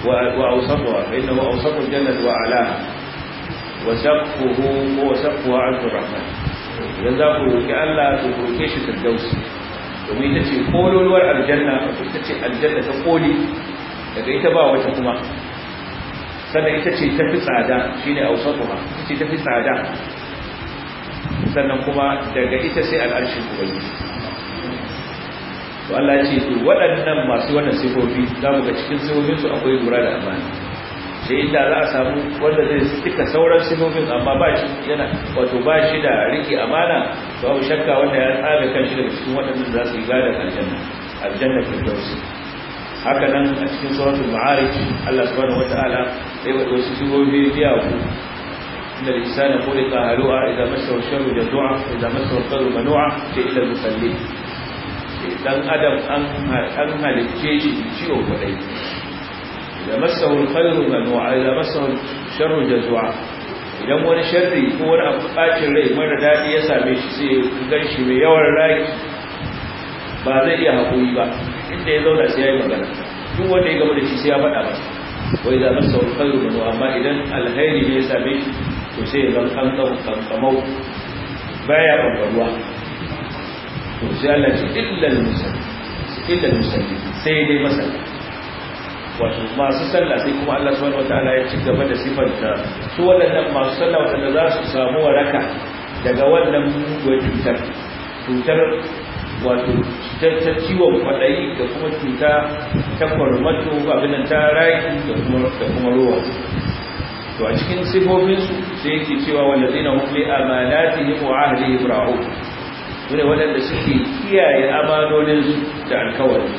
wa wa awsatuha fa innahu ita ce ta koli kuma ita ce ta fi tsada sannan kuma daga ita sai al'arshin ubangiji to Allah ce to waɗannan masu wannan sifofi za mu ga cikin sifofin su akwai lura da amana sai inda za a samu wanda zai cika sauran sifofin amma ba shi yana wato ba shi da riki amana to babu shakka wanda ya tsaga kanshi daga cikin waɗannan za su yi gada gadon aljanna aljanna su. haka nan a cikin suratul ma'arij Allah subhanahu wata'ala sai wa wasu sifofi biya ku إن الإنسان خلق هلوعا إذا مسه الشر جزوعا إذا مسه الخير منوعا إلا المصلين dan adam an halicce shi ciwo kwadai da masahul khairu manu'a da masahul sharru jazua idan wani sharri ko wani abu bacin rai mara dadi ya same shi sai gan shi mai yawan raki ba zai iya haƙuri ba inda ya zauna sai ya yi magana duk wanda ya gama da shi sai ya faɗa masa wai da masahul khairu manu'a amma idan alkhairi ne ya same shi to sai zan kankan ba baya ɓangarwa to sai Allah shi illal musalli illal musalli sai dai masalli wato masu sallah sai kuma Allah subhanahu wataala ya ci gaba da sifanta su waɗannan masu sallah waɗanda za su samu waraka daga wannan mugun cutar cutar wato cutar ta ciwon kwaɗayi da kuma cuta ta kwarmato abinan ta raki da kuma ruwa to a cikin sifofinsu sai yake cewa wallazina hum li amanatihim wa ahdihim ra'un sune wadanda suke kiyaye amanonin da alkawarin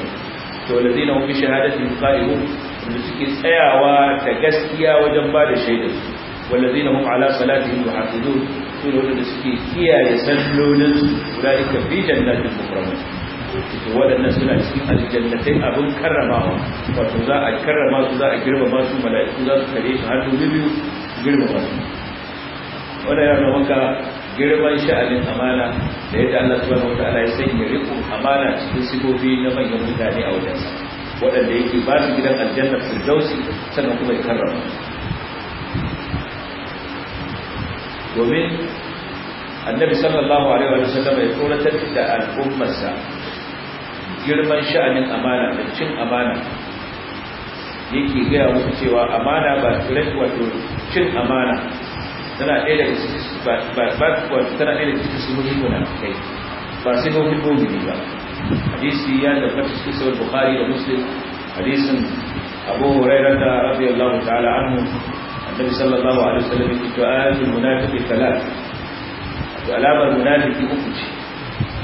to wallazina hum bi shahadatihim qa'ilun wanda suke tsayawa ta gaskiya wajen ba da shaidar su wallazina hum ala salatihim yuhafizun sune wadanda suke kiyaye sallolin su ulaika fi jannatin mukramun waɗannan suna cikin aljannatai abin karramawa wato za a karrama su za a girma masu mala'iku za su kare su har dubu biyu masu. su wannan yana maka girman sha'anin amana da yadda Allah subhanahu wataala ya yi rikon amana cikin sigobi na manyan mutane a wajen sa. waɗanda yake ba su gidan aljanna su dausi sannan kuma ya karrama domin annabi sallallahu alaihi wa sallam ya tsoratar da al'ummarsa girman sha'anin amana da cin amana yake gaya musu cewa amana ba tsirai wato cin amana tana ɗaya da cikin wato tana ɗaya kai ba sai ba sai gobe mumini ba hadisi ya tabbata cikin sahih bukari da muslim hadisin abu hurairah da allahu ta'ala anhu annabi sallallahu alaihi wasallam ya yake cewa ayatul munafiqi thalath to alamar munafiki uku ce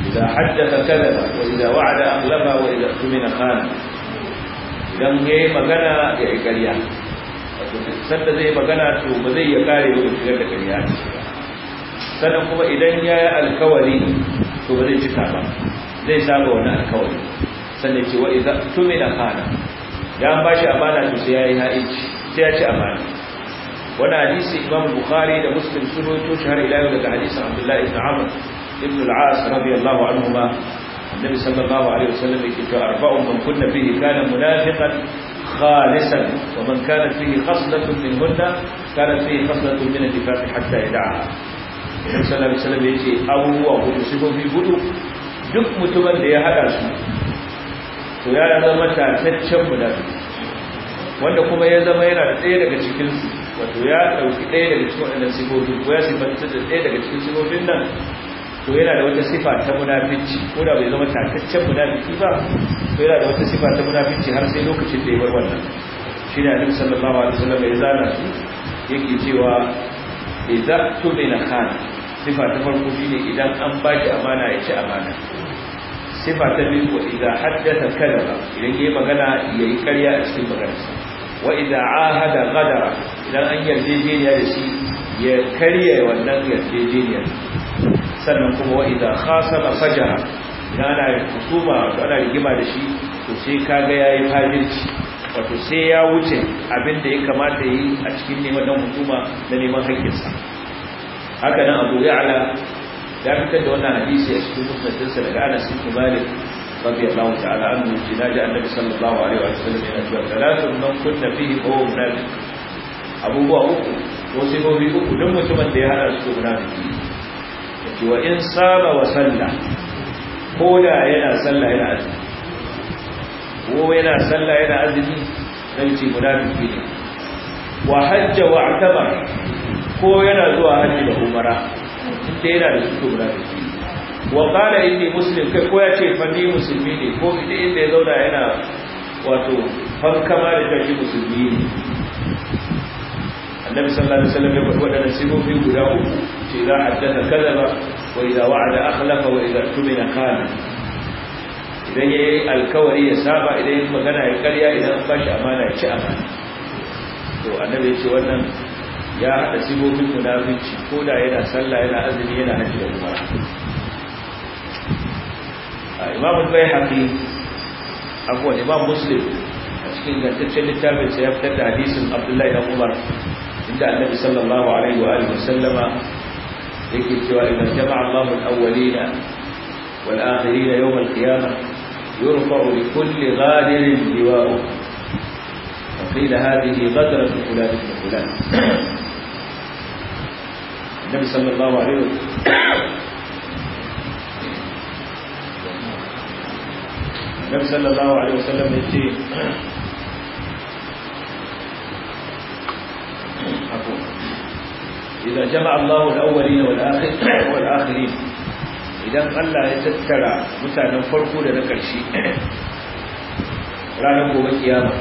إذا حدث a وإذا وعد أغلب وإذا اؤتمن خان idan ya magana ya yi sanda zai magana ba zai ya kare ba shigar da ƙarya sannan kuma idan ya yi alkawari ba zai cika ba zai saba wani alkawari sannan ce wa'iza tumi da hana ya ba shi amana sai ya yi ha'ici wani hadisi imam bukhari da muslim sun shi har ila yau daga hadisin abdullahi ibn amr ibn al-as radiyallahu anhu ma annabi sallallahu alaihi wasallam yake cewa arba'un man kunna fihi kana munafiqan khalisan wa man kana fihi khaslatun minhunna kana fihi khaslatun min al-nifaq hatta yad'aha annabi sallallahu alaihi wasallam yace abubuwa hudu sifofi hudu duk mutumin da ya hada su to ya zama tataccen munafiki wanda kuma ya zama yana da ɗaya daga cikinsu wato ya ɗauki ɗaya daga cikin waɗannan sifofin ko ya sifanta da ɗaya daga cikin sifofin nan to yana da wata sifa ta munafici ko da bai zama takaccen munafiki ba to yana da wata sifa ta munafici har sai lokacin da ya bar wannan shi ne annabi sallallahu alaihi wasallam ya zana su yake cewa idza bina khan sifa ta farko shine idan an baki amana ya ci amana sifa ta biyu wa idza haddatha kadaba idan yayi magana yayi ƙarya a cikin magana wa idza ahada ghadara idan an yarjejeniya da shi ya karya wannan yarjejeniyar sannan kuma wa idza khasama fajara idan hukuma kusuma ana rigima da shi to sai kaga yayi fajirci wato sai ya wuce abin da ya kamata yi a cikin neman dan hukuma da neman hakkinsa haka nan Abu Ya'la ya fitar da wannan hadisi a cikin musnadinsa daga Anas bin Malik radiyallahu ta'ala anhu jinaji annabi sallallahu alaihi wa sallam yana cewa talatun man kunna fihi huwa munafiq abubuwa uku ko sai sifofi uku duk mutumin da ya hada su munafiki wa in saba wa salla ko da yana salla yana azumi ko yana salla yana azumi dan ce munafiki ne wa hajja wa atama ko yana zuwa haji da umara inda yana da suke munafiki wa qala inni muslim kai ko ya ce fa ni musulmi ne ko inda ya zauna yana wato fankama da kashi musulmi ne annabi sallallahu alaihi wasallam ya faɗi waɗannan sifofi guda uku ce idza haddatha kadaba wa idza wa'ada akhlafa wa idza tumina khana idan yayi alkawari ya saba idan yayi magana ya karya idan an bashi amana ya ci amana to annabi ya ce wannan ya hada sifofin munafici ko da yana sallah yana azumi yana hajji da umara imam al-bayhaqi afwan muslim a cikin gantaccen littafin ya fitar da hadisin abdullahi na umar عند النبي صلى الله عليه وآله وسلم ذكرت وإذا جمع الله الأولين والآخرين يوم القيامة يرفع لكل غادر لواءه وقيل هذه غدرة فلان بن فلان النبي صلى الله عليه وسلم النبي صلى الله عليه وسلم يجي حقوق إذا جمع الله الأولين والآخر والآخرين إذا قال يا تذكر متانا فرقوا لنا كرشي ranar gobe kiyama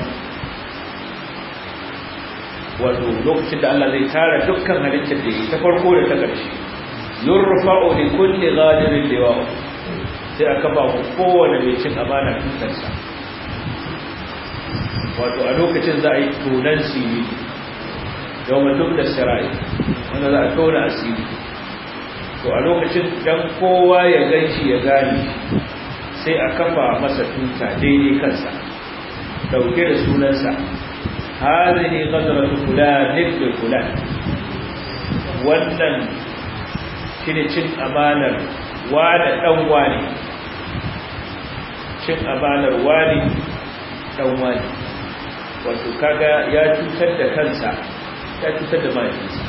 wato lokacin da Allah zai tara dukkan halittar da ta farko da ta ƙarshe yurfa'u li kulli ghadirin liwa'a sai a kafa ku kowane mai cin amana tutarsa wato a lokacin za a yi tunan sirri Domin duk da sirai wanda za a kauna asiri to a lokacin dan kowa ya ganci ya gane sai a kafa masa tuta daidai kansa dauke da sunansa hadhihi qadratu kula ibn kula wannan shine cin amanar wa da dan wani cin amanar wani dan wani wato kaga ya cutar da kansa ya cutar da mahaifinsa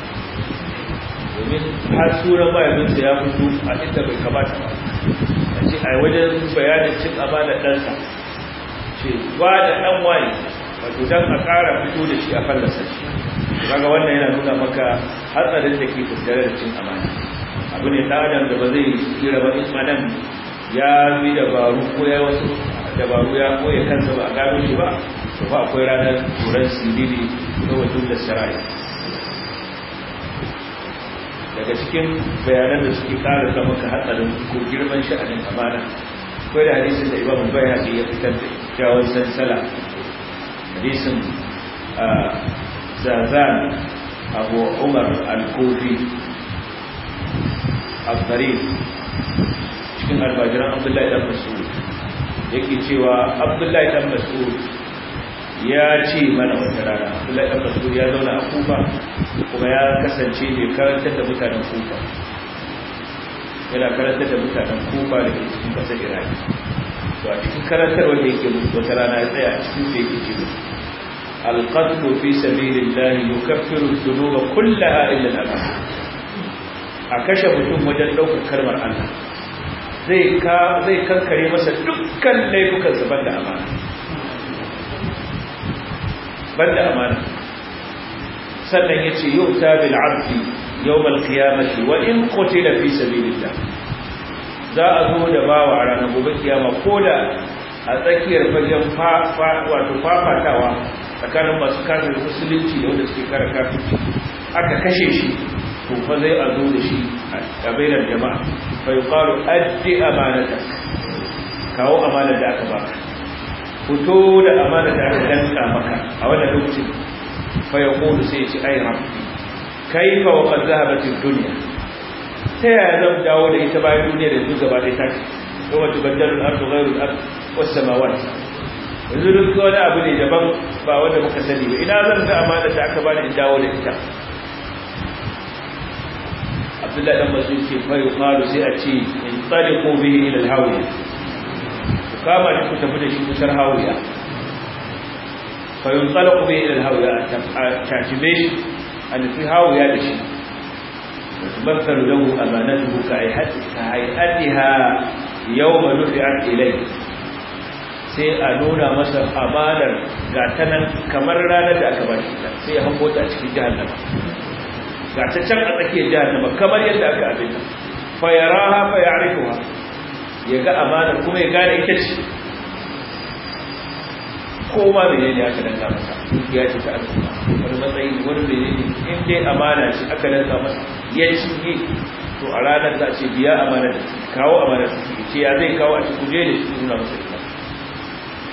domin har suran mahaifinsa ya fito a inda bai kamata ba a ce a wajen bayanin cin amanar ɗansa ce ba da ɗan waye wato don a ƙara fito da shi a fallasa shi kaga wannan yana nuna maka hatsarin da ke tattare da cin amana abu ne ɗan adam da ba zai tsira ba in ya bi dabaru ko ya wasu dabaru ya koya kansa ba a gano shi ba to ba akwai ranar turan siriri na wajen da sarai daga cikin bayanan da suke kara ta maka hatsarin ko girman sha'anin amana akwai da hadisun da imamu bai da ya fitar da kyawun sansala a zazan abu umar al-kofi abdarin cikin albajiran abdullahi dan masu yake cewa abdullahi dan masu ya ce mana wata rana abdullahi da mas'ud ya zauna a kufa kuma ya kasance mai karantar da mutanen kufa yana karantar da mutanen kufa da ke cikin kasar iraki to a cikin karantar wanda yake wata rana ya tsaya a cikin da yake ce alƙadu fi sabilillahi yukaffiru yau kafin illa ga kabair a kashe mutum wajen daukar karmar Allah zai kankare masa dukkan laifukan zuban da amana da amana sannan yace yu'ta bil arfi yawm al qiyamati wa in qutila fi sabilillah za a zo da bawa a ranar gobe kiyama koda a tsakiyar fagen wato fafatawa tsakanin masu kafin musulunci da wanda suke kare aka kashe shi to fa zai a zo da shi a bainar jama'a fa yuqalu addi amanata kawo amanar da aka baka fito da amana da aka danka maka a wannan lokacin fa ya kudu sai shi ai rabbi kaifa wa qad zahabat ad-dunya ta ya zan dawo da ita bayan duniya da duk gaba da ta ce yau wata bandar al-ardu ghayru al-ard was samawat yanzu duk wani abu ne daban ba wanda muka sani ba ina zan ga amana da aka bani in dawo da ita Abdullahi dan Mas'ud ce fa yuqalu sai a ce in ko bihi ila al-hawiya kama da ku tafi da shi fayin tsala fa yi bi ila a cajibe shi a nufi hawiya da shi تبثل ha yau ma nufi a ilai. sai a nuna masa amanar nan kamar ranar da aka bashi ta sai ya hango ta cikin jihar ta can a tsakiyar jihar nama kamar yadda aka abin ha fayarifuha ya ga amana kuma ya gane ita ce ko ma ne aka danka masa ya ce ta arziki wani matsayi wani ne in dai amana ce aka danta masa ya ne. to a ranar za a ce biya amana da su, kawo amana da su ce ya zai kawo a cikin je da shi nuna masa ita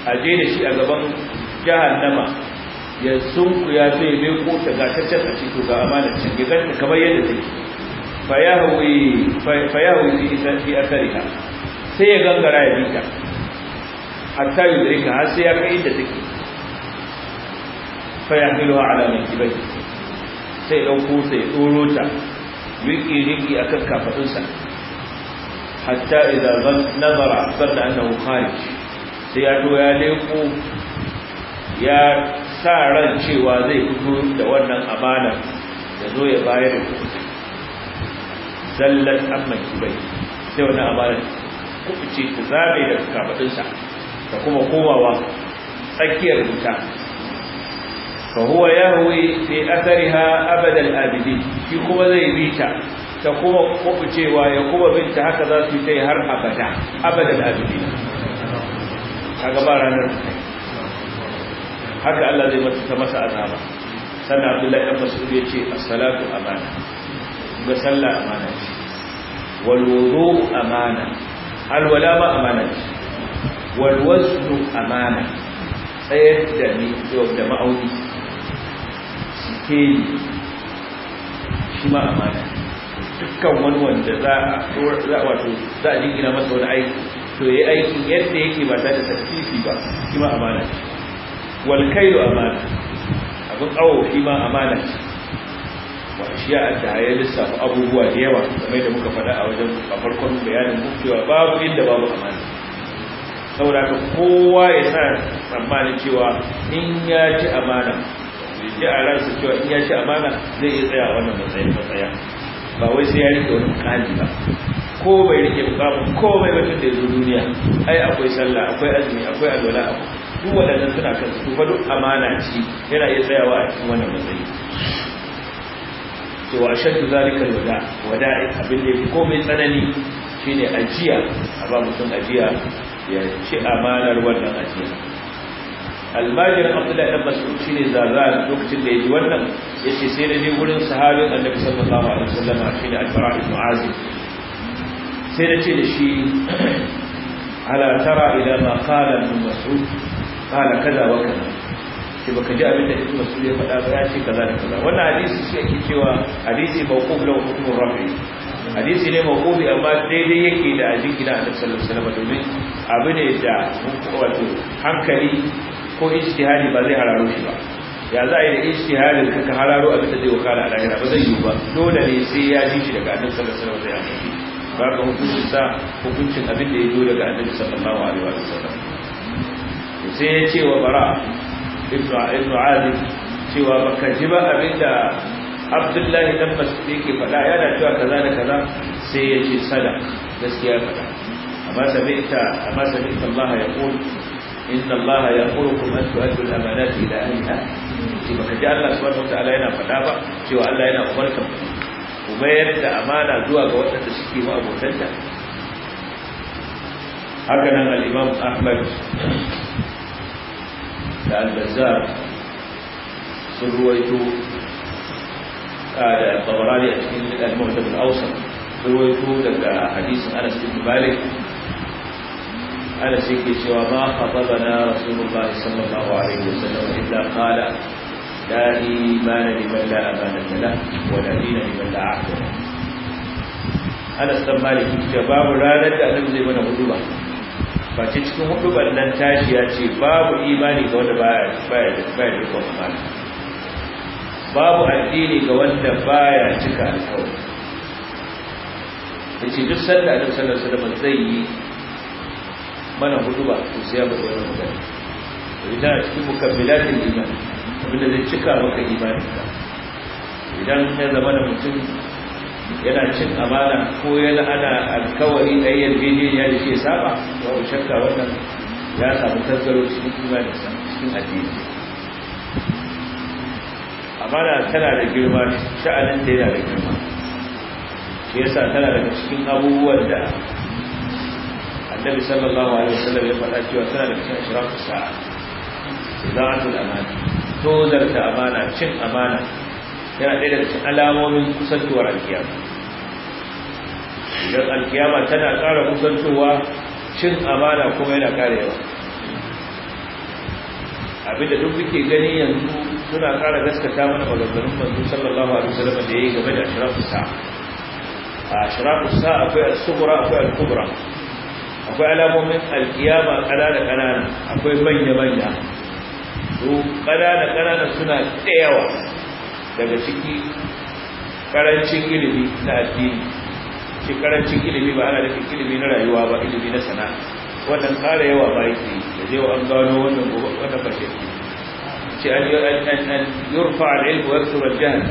a je da shi a gaban jahannama ya ku ya zai mai ko ta gataccen a cikin ga amana can ya ganta kamar yadda take fa yahwi fa yahwi fi asariha sai ya gangara ya bita hatta yudrika har sai ya kai inda take fa yahmiluha ala mankibai sai ɗauko sai tsoro ta riki riki kan kafaɗinsa hatta idan nazara da annan hukari sai ya to ya leko ya sa ran cewa zai fito da wannan amana ya zo ya bayar da zallar amman kibai sai wani amana kuɓuce ta zabe da kafaɗinsa da kuma komawa tsakiyar wuta fa huwa yahwi fi athariha abada al-abidi shi kuma zai bita ta kuma kuɓucewa ya kuma binta haka za su yi har abada abadal al-abidi kaga ba ranar haka Allah zai mata masa azaba sannan Abdullahi dan Mas'ud ya ce as-salatu amana ga sallah amana ce wal wudu amana alwala ma amana ce walwaznu amana tsayar da ni da ma'auni sikeli shi ma amana dukkan wani wanda za a wato za a jingina masa wani aiki to yi aiki yadda yake ba ta da sarfifi ba shi ma amana ce walkailu amana abin awo shi ma amana shi a ya lissafa abubuwa da yawa game da muka faɗa a wajen farkon bayanin cewa babu inda babu amana saboda ka kowa ya sa tsammanin cewa in ya ci amana ya ji a ransa cewa in ya ci amana zai iya tsaya wannan matsayin matsaya ba wai sai ya rike wani kali ba ko bai rike babu ko bai batun da ya zo duniya ai akwai sallah akwai azumi akwai alwala akwai duk waɗannan suna kan su duk amana ce yana iya tsayawa a cikin wannan matsayi ce wa ashaddu zalika alwada wada'i abin da ko komai tsanani shine ajiya a ba mutum ajiya ya ci amanar wannan ajiya almajirin abdullahi dan mas'ud shine zaza lokacin da yaji wannan yace sai da je gurin sahabin annabi sallallahu alaihi wasallam shine al-bara ibn azib sai da ce da shi ala tara ila ma qala ibn mas'ud qala kaza wa kaza ce baka ji abin da ibn mas'ud ya faɗa ba ya ce kaza da kaza wannan hadisi shi ake cewa hadisi mawquf lahu hukumar rafi hadisi ne mawqufi amma daidai yake da ajin gida a sallallahu alaihi wasallam domin abu ne da wato hankali ko ijtihadi ba zai hararo shi ba ya za a yi da ijtihadin ka hararo abin da zai wakala a lahira ba zai yi ba dole ne sai ya ji shi daga annabi sallallahu alaihi wasallam ba ka hukuncin sa hukuncin abin da ya zo daga annabi sallallahu alaihi wasallam sai ya ce wa bara ibnu ali cewa baka ji ba abinda abdullahi dan masudi yake faɗa yana cewa kaza da kaza sai ya ce sada gaskiya fada amma sami'ta amma sami'ta Allah ya qul inna Allah ya qulukum an tu'addu al-amanati ila ahliha shi baka ji Allah subhanahu wa ta'ala yana fada ba cewa Allah yana umarta ku bayar da amana zuwa ga waɗanda suke ma abotanta haka nan al-imam Ahmad سعد بزار سرويت هذا الطبراني آه، المعتمد الاوسط سرويت لك حديث انس بن مالك انس بن سوى ما خطبنا رسول الله صلى الله عليه وسلم الا قال لا ايمان لمن لا امان له ولا دين لمن لا عهد له انس بن مالك جباب رانا تعلم زي ما نقول face cikin hudu nan tashi ya ce babu imani ga wanda baya baya baya rikon amana babu addini ga wanda baya cika alƙawari yace duk sanda annabi sallallahu alaihi wasallam zai yi mana huduba to sai ya bada wannan magana idan a cikin mukabbilatin imani abinda zai cika maka imaninka idan ya zama da mutum yana cin amana ko yana ana alkawari da yi bidiyon ya da ke saba babu shakka wannan ya samu tazzaro cikin da sa cikin addini amana tana da girma sha'anin da yana da girma shi yasa tana daga cikin abubuwan da annabi sallallahu alaihi wasallam ya faɗa cewa tana da cikin ashrafu sa'a idan atul amana to zarta amana cin amana yana ɗaya daga cikin alamomin kusantowar alkiyama idan alkiyama tana ƙara kusantowa cin amana kuma yana ƙara yawa abinda duk muke gani yanzu suna ƙara gaskata mana maganganun manzo sallallahu alaihi wasallam da yayi game da ashrafu sa a ashrafu sa akwai al-sughra akwai al-kubra akwai alamomin alkiyama ƙanana ƙanana akwai manya manya to ƙanana ƙanana suna da yawa daga ciki karancin ilimi na addini shi karancin ilimi ba ana nufin ilimi na rayuwa ba ilimi na sana'a wannan ƙara yawa ba yake da zai an gano wannan wata wannan ba shi ce an yurfa al'ilmu wa tsurar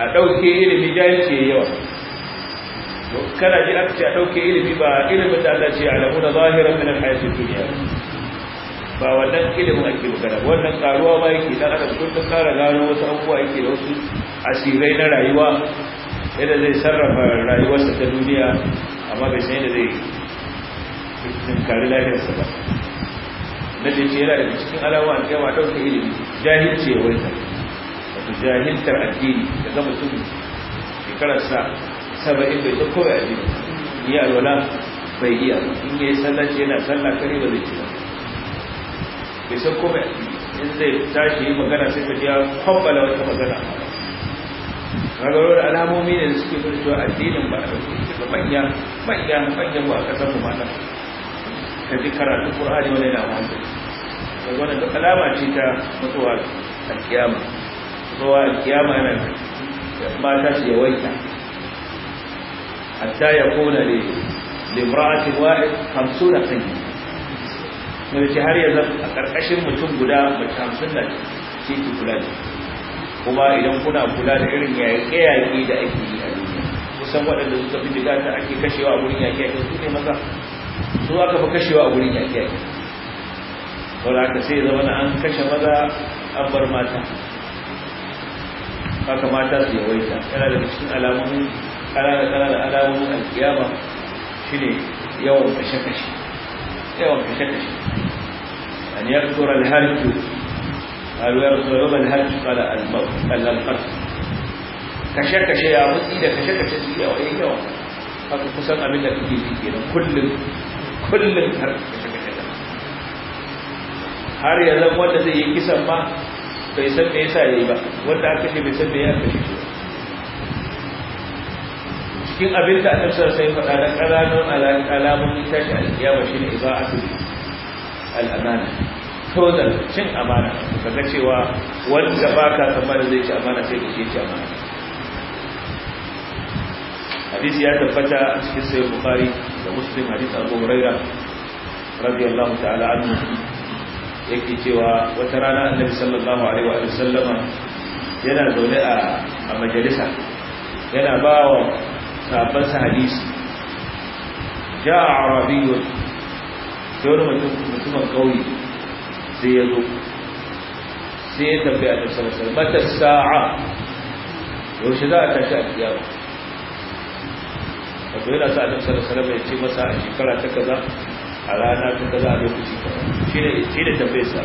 a ɗauke ilimi jahilci ya yawa kana ji aka ce a ɗauke ilimi ba ilimin da Allah ce alamu na zahirar minar hayatun duniya ba wannan ilimin ake magana wannan karuwa ba yake dan adam kullum kara gano wasu abubuwa yake da wasu asirai na rayuwa yadda zai sarrafa sa ta duniya amma bai san yadda zai lafiyar sa ba na ce yana daga cikin alama a cewa ɗauke ilimi jahilce wai ta wato jahiltar addini da ga mutum sa saba'in bai ta kowai addini yi alwala bai iya in yi sallah ce yana sallah kare ba zai ci ba bai san komai in zai tashi yi magana sai ka ji ya kwambala wata magana ragarwar alamomi ne da suke fito addinin ba a daga manya manya manya ba a kasar mu mata ka ji karatu qur'ani wani na wanda da wannan da alama ce ta mutuwa a kiyama mutuwa a kiyama nan mata su yawaita hatta yakuna li limra'atin wahid 50 sanyi sai ce har yanzu a ƙarƙashin mutum guda mace hamsin da ke kula da kuma idan kuna kula da irin yaƙe-yaƙe da ake yi a duniya kusan waɗanda suka fi jiga ta ake kashewa a wurin yaƙe-yaƙe su ne maza su aka fi kashewa a wurin yaƙe-yaƙe saboda haka sai zama na an kashe maza an bar mata haka mata su yawaita yana daga cikin alamun ƙananan alamun alkiyama shine yawan kashe-kashe yawan kashe-kashe أن يكثر الهلك قالوا يا رسول الله الهلك قال الموت قال kashe-kashe ya mutsi da kashe-kashe su yawa ya yawa haka kusan abin da kake ji kenan kullum kullum har kashe-kashe da har yanzu wanda zai yi kisan ma bai san me yasa yayi ba wanda aka kashe bai san me ya kashe shi cikin abin da annabi sallallahu alaihi wasallam ya faɗa da ƙananan alamomin tashi alkiyama shine ibaatul al'amana tozar cin amana kaga cewa wanda baka tsammanin zai ci amana sai da shi ci amana hadisi ya tabbata a cikin sayyid bukhari da muslim hadisi abu huraira radiyallahu ta'ala anhu yake cewa wata rana annabi sallallahu alaihi wa sallama yana zaune a majalisa yana ba wa hadisi ja'a arabiyyun sai wani mutumin kauye sai ya zo sai ya tafi a tafi sarasar matar sa'a yaushe za a tashi a a wato yana sa a tafi sarasar mai ce masa a shekara ta kaza a rana ta kaza a lokaci kaza shi ne tambayar sa a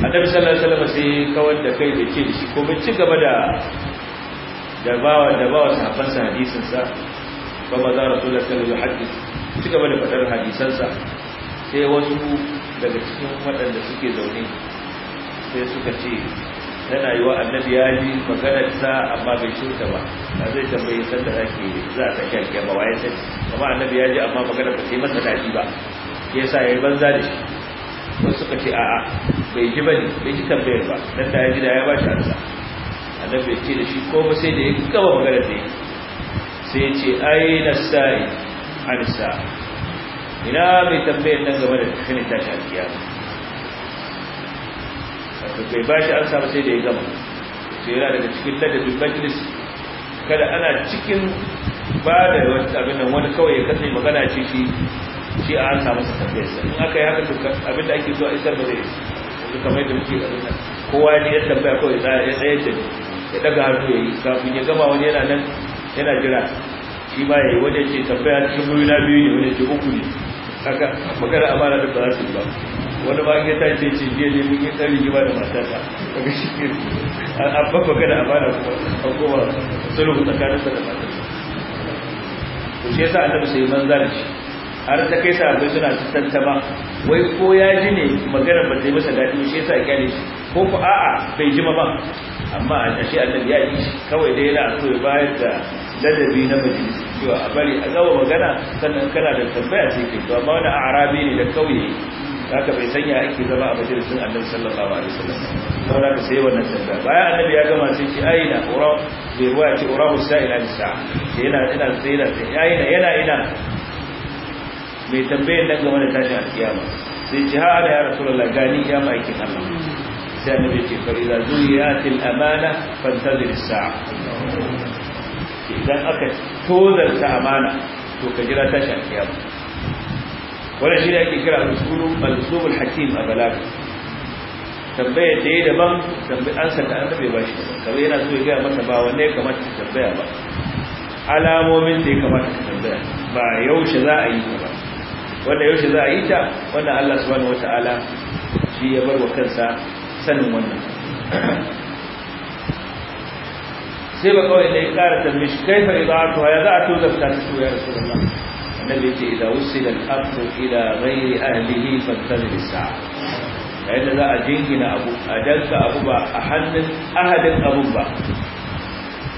sallallahu alaihi wasallam sai da kai da ke da shi ko ci gaba da da bawa da bawa sahabban sa kuma za a rasu da sallallahu alaihi wasallam ci gaba da faɗar hadisansa sai wasu daga cikin waɗanda suke zaune sai suka ce tana yi wa annabi ya ji maganarsa amma bai shirka ba a zai tambayi sanda za zaki za a tafiya ke ba waye sai amma annabi ya ji amma maganar ba sai masa daji ba ya sa ya yi banza da shi wasu suka ce a'a bai ji ba ne bai ji tambayar ba dan da ya ji da ya ba shi ansa annabi ya ce da shi ko ba sai da ya gaba maganar da ya sai ya ce ai na sa'i an sa'a ina mai tambayar nan game da tafiyar tashi alkiyama wato bai ba shi an samu sai da ya gama sai yana daga cikin ladabin majalis kada ana cikin ba da abin nan wani kawai ya kasance magana ce shi shi a an samu tafiyarsa in aka yi haka to abin da ake zuwa isar ba zai yi kamar da muke abin nan kowa ne ya tambaya kawai ya tsayar da ya daga hannu ya yi kafin ya gama wani yana nan yana jira shi ba ya yi wajen ce tambaya tambayoyi na biyu ne wajen ce uku ne haka magana mara da ba za su ba wani ba ya tace ce jiya ne mun yi tsari gima da matata daga shi ke an ba magana amana kuma a kowa ku tsakanin sa da matasa ku shi sa annabi sai manza da shi har ta kai sahabbai suna tantama wai ko ya ji ne magana ba ta yi masa daɗi shi yasa kyale shi ko ku a'a bai jima ba amma a shi annabi ya yi kawai dai yana so ya bayar da ladabi na majalisi cewa a bari a gaba magana sannan kana da tambaya sai ke to amma wani arabi ne da kauye ka bai sanya ake zama a majalisin annabi sallallahu alaihi wasallam za ka sai wannan tambaya bayan annabi ya gama sai ce aina ura bai ruwa ce ura lisa bisa yana ina sai yana na yana ina mai tambayar nan game da tashin alkiyama sai ce ha ala ya rasulullahi gani ya ma'aikin Allah sai annabi ce fa idza zuriyatil amana fantazir saa idan aka tozarta amana to ka jira ta a kiyama Wani shi ne ake kira al-usulul hakim a balaga tambaya da ya daban tambayi ansa da annabi ba shi kawai yana so ya gaya masa ba wanne ya kamata ka tambaya ba alamomin da ya kamata ka tambaya ba yaushe za a yi ta ba wanda yaushe za a yi ta wannan Allah subhanahu wataala shi ya bar wa kansa sanin wannan sai ba kawai ne kara tambaye shi kai fa idatu ya za a to da ta su ya rasulullah annabi ce idza usila al-haqq ila ghairi ahlihi fantabi sa'a kai da za a jingina abu a danka abu ba a hannun ahadin abu ba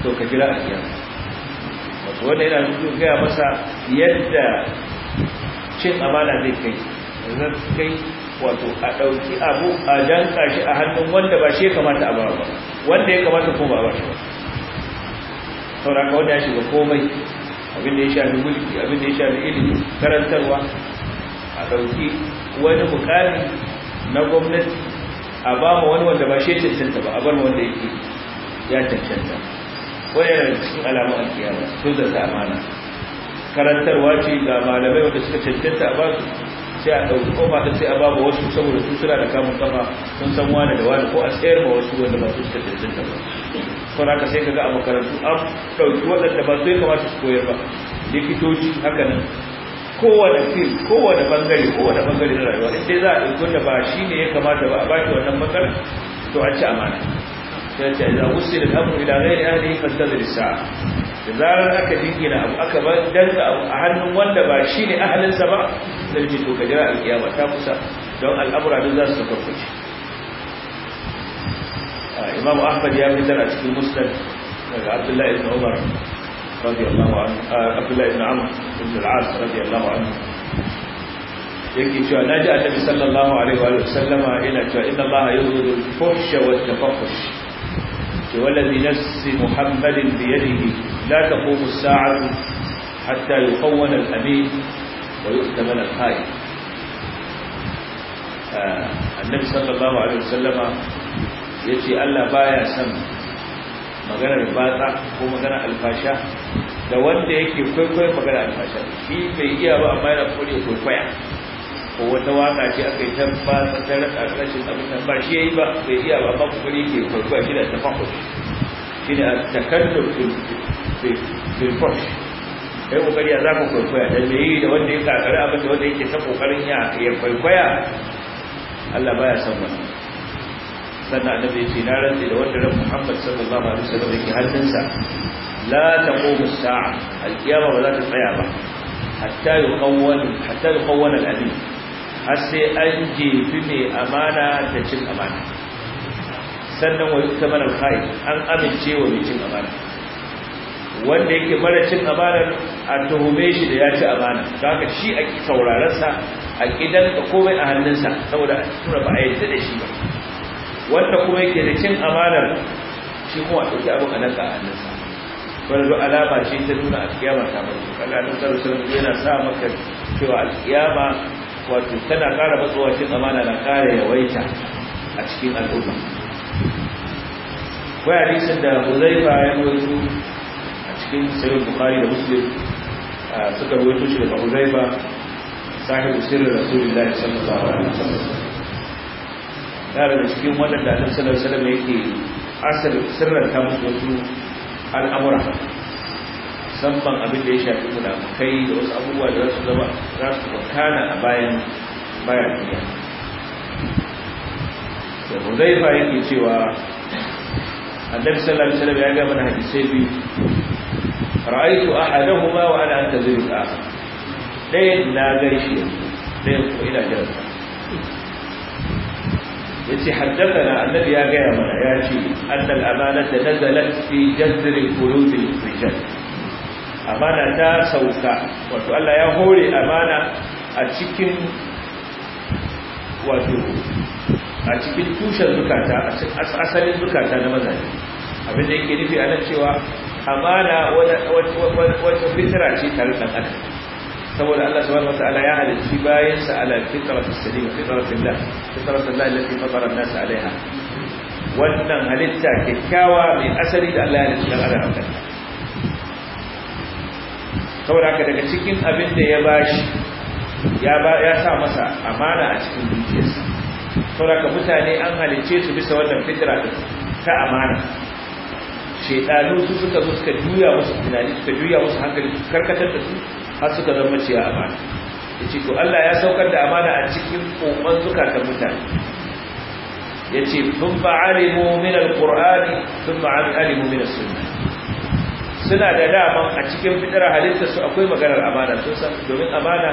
to ka jira a kiyama wato wannan yana nufin gaya masa yadda cin amana zai kai zan kai wato a ɗauki abu a danka shi a hannun wanda ba shi ya kamata a wanda ya kamata ko ba saboda ka wanda ya shiga komai abin da ya shafi mulki abin da ya shafi ilimi karantarwa a ɗauki wani bukari na gwamnati a ba mu wani wanda ba shi cancanta ba a bar wanda yake ya cancanta wani yana cikin alamun alkiyama sun da amana karantarwa ce ga malamai wanda suka cancanta a basu sai a ɗauki koma ta sai a ba mu wasu saboda su suna da kamun kafa sun san wani da wani ko a tsayar ma wasu wanda ba su suka cancanta ba sau haka sai ka ga a makarantu an ɗauki waɗanda ba su ya kamata su koyar ba likitoci haka nan kowane fil kowane bangare kowane bangare na rayuwa sai za a ɗauki wanda ba shi ne ya kamata ba a ba shi wannan bangaren to an ci amana sai ce idan wuce da al'amur ila ghairi ahlihi fantazir sa'a da zarar aka jingina abu aka ba danka a hannun wanda ba shi ne ahalinsa ba sai ji to ka jira kiyama ta kusa don al'amura duk za su farface imam ahmad ya fitar a cikin musnad daga abdullahi ibn umar radiyallahu anhu abdullahi ibn amr ibn al-as radiyallahu anhu yake cewa naji annabi sallallahu alaihi wa sallama ina cewa inna allaha yuridu al-fuhsha wa al-tafahush cewa alladhi nafsi muhammadin bi yadihi la taqumu as-sa'atu hatta yuqawwana al-amin wa yu'taman al-khaib annabi sallallahu alaihi wa sallama ya ce Allah baya son maganar batsa ko maganar alfasha da wanda yake kwaikwayo maganar alfasha shi bai iya ba amma yana kore kwaikwaya ko wata waka ce aka yi ta batsa ta raka rashin abin nan ba shi yayi ba bai iya ba amma kuma yake kwaikwaya shi da tafakkuri shi da takallum fil fush kai kokari za ku kwaikwaya da me yi da wanda ya kakari abin da wanda yake ta kokarin ya kwaikwaya Allah baya son wannan sannan annabi ya ce na rantsi da wanda ran Muhammad sallallahu alaihi wasallam yake hannunsa la taqumu sa'a alkiyama ba za ta tsaya ba hatta yuqawwan hatta yuqawwan al-amin har sai an jefi mai amana da cin amana sannan wa yuktaman al-khair an amince wa mai cin amana wanda yake mara cin amana a tuhume shi da ya ci amana kaga shi a saurararsa a kidan komai a hannunsa saboda a tura ba a yadda da shi ba wanda kuma yake da cin amanar shi kuma a ɗauki abin a nasa a nasa wani zo alama ce ta nuna alkiyama ta mai kaga nan sarrafa yana sa maka cewa alkiyama wato tana ƙara matsuwa cin amana na ƙara yawaita a cikin al'umma ya hadisin da huzaifa ya rawaito a cikin sahih bukhari da muslim suka rawaito shi da huzaifa sahibu sirri rasulullahi sallallahu alaihi wasallam tare da cikin wadanda annabi sallallahu alaihi wasallam yake asali sirran ta musu wasu al'amura musamman abin da ya shafi munafukai da wasu abubuwa da za su zama za su kana a bayan bayan duniya da huzaifa yake cewa annabi sallallahu alaihi wasallam ya ga mana hadisai biyu ra'aytu ahadahuma wa ana antaziru al-akhar dayan na gaishe dai ko ina jira yace haddathana annabi ya gaya mana ya ce annal da nazalat fi jazr al-qulub al-rijal amana ta sauka wato Allah ya hore amana a cikin wato a cikin tushen zukata asalin zukata na mazaje da yake nufi a nan cewa amana wata fitira ce tare da adam saboda Allah subhanahu wataala ya bayan sa ala fitratus salim fitratillah fitratillah allati fatara an-nas 'alayha wannan halitta kyakkyawa mai asali da Allah ya halitta dan Allah saboda haka daga cikin abin da ya bashi ya ba ya sa masa amana a cikin dukiyarsa saboda haka mutane an halicce su bisa wannan fitra ta amana shedanu su suka zo suka juya musu tunani suka juya musu hankali su karkatar da su har suka zama ciya amana ya ce to Allah ya saukar da amana a cikin koman ta mutane ya ce sun fa'alimu min al’ur’ani sun fa'alimu min suna da daman a cikin fitar su akwai maganar amana sun san domin amana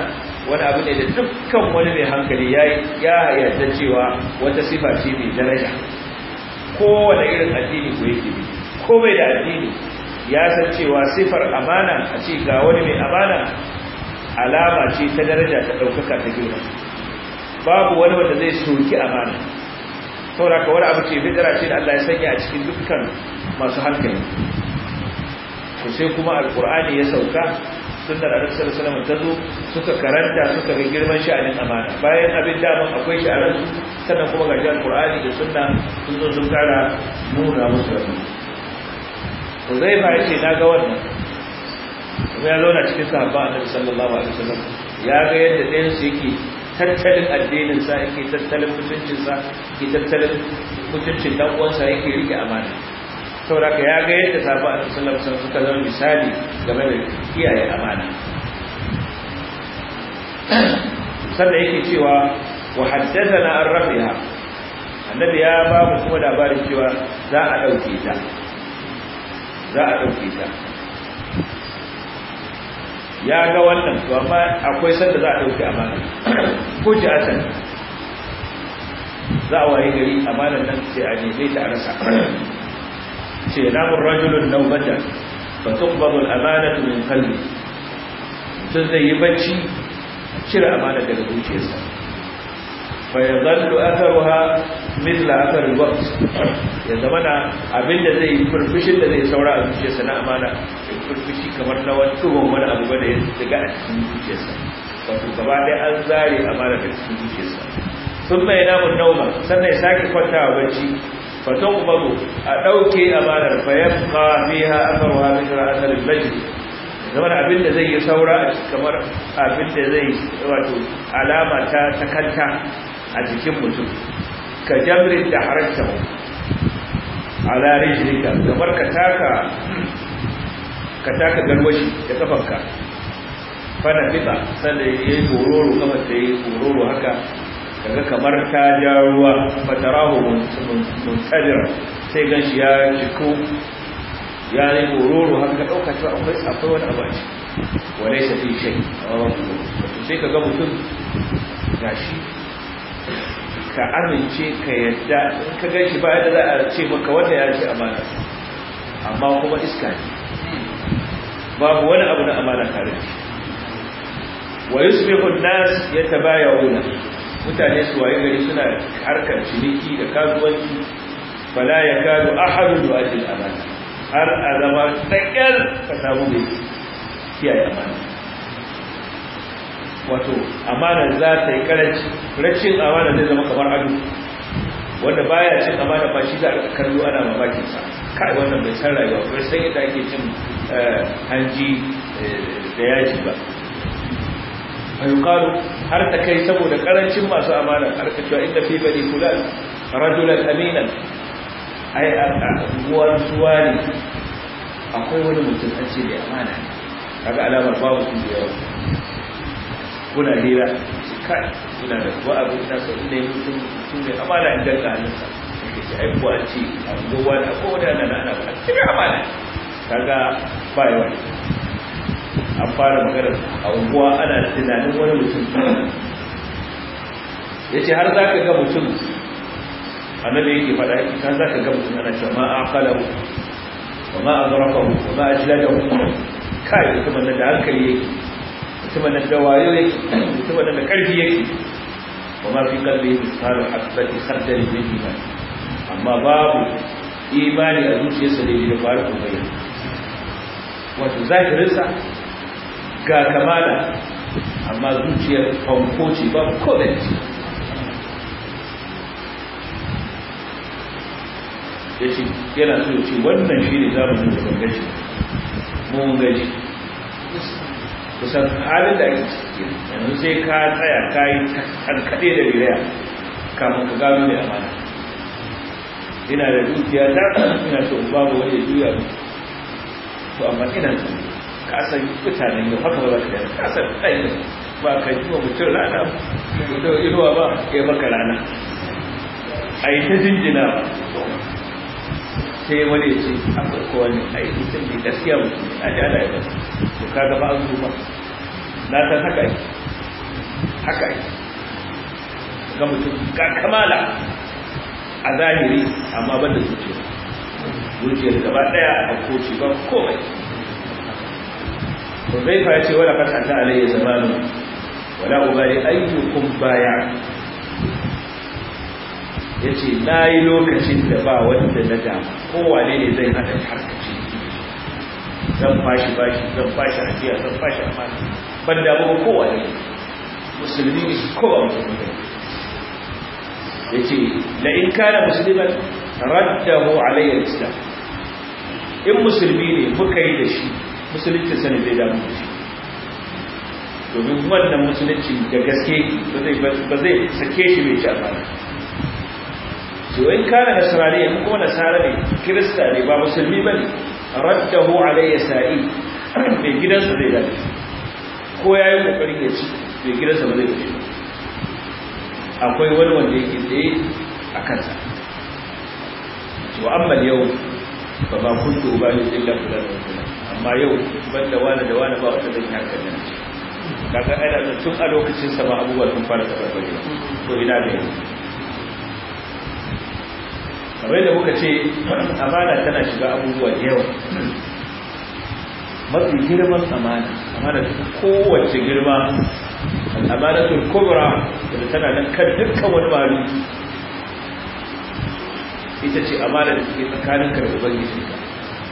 wani abu ne da dukkan wani mai hankali ya yarda cewa wata sifa ce mai daraja kowane irin addini ko yake ko bai da addini ya san cewa sifar amana a ce ga wani mai amana alama ce ta daraja ta ɗaukaka ta girma babu wani wanda zai soki amana saboda ka wani abu ce fitara ce da Allah ya sanya a cikin dukkan masu hankali to sai kuma alkur'ani ya sauka sun da ranar alaihi ta zo suka karanta suka ga girman sha'anin amana bayan abin dama akwai sha'anin sannan kuma gajiyar alkur'ani da sunna sun zo sun kara nuna musu rabi zai ba ya ce na ga wannan kuma ya na cikin sahabba a sallallahu alaihi wasallam ya ga yadda ɗayan su yake tattalin addininsa yake tattalin sa yake tattalin mutuncin dan uwansa yake rike amana saboda ka ya ga yadda sahabba a sallallahu alaihi wasallam suka zama misali game da kiyaye amana sannan yake cewa wa haddathana an rafiha annabi ya ba mu kuma labarin cewa za a dauke ta za a ɗauke ta ya ga wannan to amma akwai sanda za a ɗauke amana ko ji asan za a waye gari amanan nan sai a neme ta a rasa ce namun rajulun naubata ba tubbabul amanatu min kalbi mutum zai yi bacci cire amana daga zuciyarsa fayazallu atharuha mithla athar alwaqt ya zamana abinda zai furfushin da zai saura a zuciyarsa na amana furfushi kamar na wani tubon wani abu da ya daga a cikin zuciyarsa wato gaba ɗaya an zare amana da cikin zuciyarsa sun mai namun nauma sannan ya sake kwantawa bacci fatan ubago a ɗauke amanar bayan ƙafiha a faruwa mithla athar alwaqt zaman abin da zai yi saura kamar abin da zai wato alama ta takanta a jikin mutum ka jamrin da harakta a larin jirika kamar ka taka ka taka garwashi da kafanka fana fita sanda ya yi kororo kamar da ya yi kororo haka Daga kamar ta ja ruwa fatarahu tsadira sai gan shi ya jiko ya yi kororo haka ɗauka cewa akwai akwai wani abu a wane shafi shai sai ga mutum shi. ka amince ka yadda in ka gan shi bayan da za a ce maka wanda ya ce amana amma kuma iska ne babu wani abu na amana tare da shi wa yusbihu an-nas yatabayawuna mutane su waye gari suna harkar ciniki da kasuwanci fala yakadu ahadun da al-amana har azama takal ka samu mai kiyaye amana wato amana za ta yi karanci rashin amana zai zama kamar ado wanda baya cin amana ba shi za a kallo ana mamakin sa kai wannan bai san rayuwa bai san yadda ake cin eh, hanji eh, da yaji ba ayyukalu har ta kai saboda karancin masu amana har ka cewa inda fi bani fulan rajulan aminan ai abubuwan zuwa ne akwai wani mutum an ce da amana kaga alamar babu sun da yawa kuna lera kai suna da kuwa abin da sau ne mutum sun ne amana in danka hannunsa da ke aikuwa ce a gowa da ko da nan ana ba cikin amana kaga ba yawa an fara magana a unguwa ana tunanin wani mutum ya ce har za ka ga mutum annabi yake faɗa kan za ka ga mutum ana cewa ma a falahu wa ma a zarafahu wa ma a jiladahu kai mutumin da hankali yake mutumin da gawayo yake mutumin da karfi yake ma fi kalbi misalu asbati da min iman amma babu imani a zuciyarsa da ya faru ko bai wato zahirinsa ga kamala amma zuciyar fankoci ba komai ya ce yana so ce wannan shi ne zamanin da bangaji mun gaji kusan halin da ake ciki yanzu sai ka tsaya ka yi karkaɗe da riya kamar ka gano da amana ina da dukiya ta ina so ba mu wani juya to amma ina so ka san mutanen yau haka ba za ka yi ka san ɗaya ba ka yi wa mutum rana yi wa ba ya maka rana a yi ta jinjina ba sai wani ce an farko wani aiki sun bi gaskiya mutum a ji ala yaba su ka gaba an zuwa na san haka yi haka yi ga mutum ga kamala a zahiri amma ban da zuciya da gaba daya a koci ba komai Hudaifa fa ce wala fatata alayya zamanu wala ubari ayyukum baya ya ce na yi lokacin da ba wanda na da kowane ne zai hada harkaci zan fashi bashi zan fashi ajiya zan fashi amana ban damu ba kowane musulmi ne kowa musulmi ya ce na in kana musulman raddahu alayyar islam in musulmi ne muka yi da shi musulunci sani zai damu da shi domin wannan musulunci da gaske ba zai sake shi mai jama'a. to in kana nasrani in kuma nasara ne kirista ne ba musulmi bane raddahu alayya sa'i bai gidansa zai dace ko ya yi kokarin ya ci bai gidansa ba zai dace akwai wani wanda yake tsaye a kansa to amma yau ba ba kuntu ubani illa fulan amma yau ban da wani da wani ba wata zai haka nan kaga ai da tun a lokacin sa ba abubuwa sun fara tabarbare to ina da yau kamar yadda muka ce amana tana shiga abubuwa da yawa mafi girman amana amana ta kowace girma al'amanatul kubra da tana nan kan dukkan wani mali ita ce amana da suke tsakanin ka da ka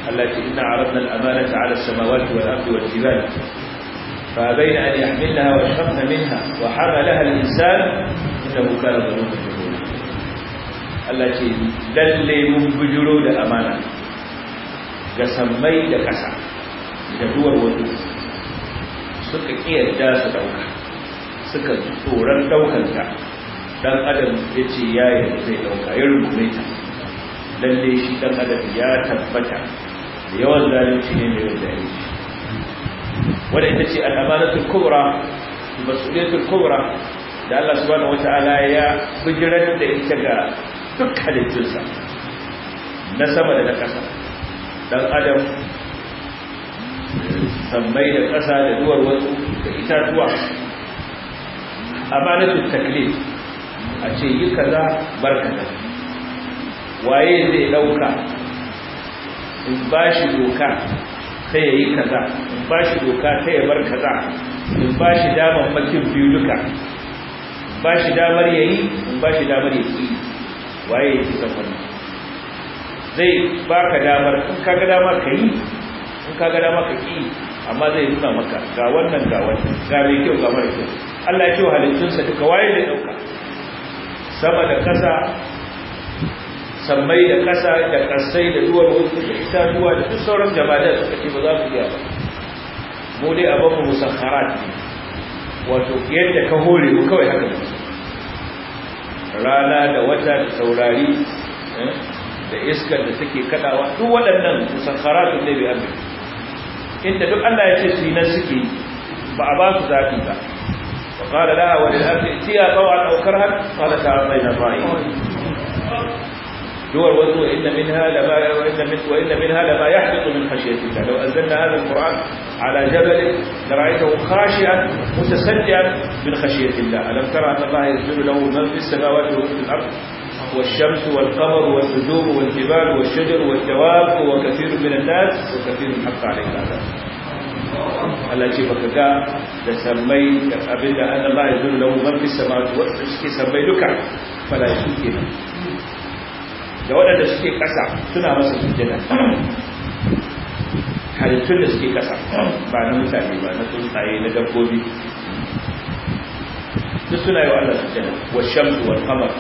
Allah ce inna aradna al ta 'ala as-samawati wal-ardi wal-jibali fa bayna an yahmilnaha wa shaqqa minha wa hamalaha al-insan innahu kana zaluman jahula Allah ce lalle mun bujuro da amana ga sammai da ƙasa da duwar wani suka kiyarda su dauka suka tsoron daukanta dan adam ya ce ya yi zai dauka ya rubuta ta lalle shi dan adam ya tabbata da yawan zalunci ne mai wanda ya yi wadda ita ce al'amalatul kubra masuliyatul kubra da Allah subhanahu wata'ala ya bujirar da ita ga duk halittunsa na sama da na ƙasa don adam sammai da ƙasa da duwar wasu da itatuwa a amanatun taklif a ce yi kaza barkata waye zai ɗauka in ba shi doka ta ya yi kaza in ba shi doka ta ya bar kaza in ba shi damar makin biyu duka ba shi damar ya yi in ba shi damar ya ƙi waye ya san wannan zai baka damar in ka ga dama ka yi in ka ga dama ka ki amma zai nuna maka ga wannan ga wannan ga mai kyau ga mara kyau Allah ya ce halittunsa duka waye da dauka sama da kasa sammai da kasa da kasai da duwar wuce da duwa da duk sauran jama'a suka ce ba za mu iya ba mu dai abin mu musakharat wato yadda ka hore mu kawai haka ne rana da wata da saurari eh, da iskar da take kadawa duk waɗannan musakharatun ne bi amri inda duk Allah ya ce su nan suke ba a ba su zafi ba wa qala laha wa lil ardi tiya taw'an aw karhan qalat ta'amayna ta'i دول وزن وإن منها لما وإن, من وإن منها لما يحبط من خشية الله لو أنزلنا هذا القرآن على جبل لرأيته خاشعا متسلعا من خشية الله ألم ترى أن الله يسجد له من في السماوات وفي الأرض والشمس والقمر والنجوم والجبال والشجر والدواب وكثير من الناس وكثير من حق عليه العذاب Allah ce كذا ga أبدا أن الله abinda له من في lahu man fi samawati فلا suke da waɗanda suke ƙasa suna masa sujjada halittun da suke ƙasa ba na mutane ba na tsuntsaye na dabbobi duk suna yi wa Allah sujjada wa shamsu wa qamar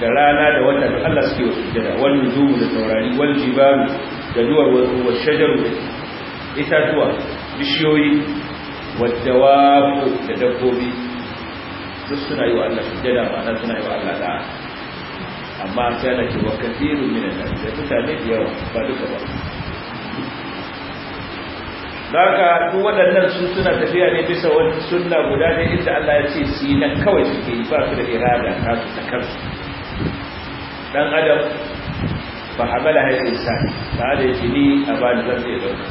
da rana da wata da Allah suke wa sujjada wal nujumu da taurari wal jibaru da duwar wa shajaru da itatuwa bishiyoyi wa dawabu da dabbobi duk suna yi wa Allah sujjada ma'ana suna yi wa Allah da'a amma sai da wa kafiru min al-nas da mutane da yawa ba duka ba daga duk waɗannan su suna tafiya ne bisa wani sunna guda ne inda Allah ya ce su nan kawai suke yi ba su da irada ta su ta kansu dan adam fa habala hayi insani ba da yake ni a ba da zan iya dauka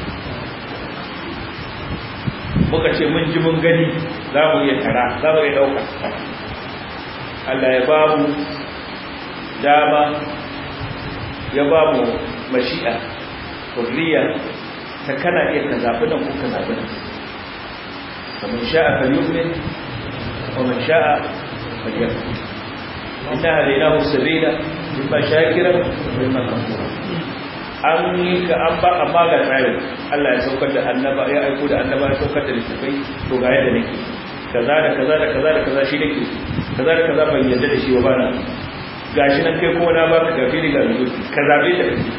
muka ce mun ji mun gani za mu iya tara za mu iya dauka Allah ya babu dama ya ba mu mashi'a hurriya ta kana iya ka zaɓi nan ko ka zaɓi nan mun sha'a kan ko mun sha'a kan ina inna halaina musabila imma shakira imma kafura an yi ka an ba a ga tsarin Allah ya saukar da annaba ya aiko da annaba ya saukar da littafai to ga yadda nake kaza da kaza da kaza da kaza shi nake kaza da kaza ban da shi ba bana gashi nan kai kuma na baka gafi da gafi ka zabe da kake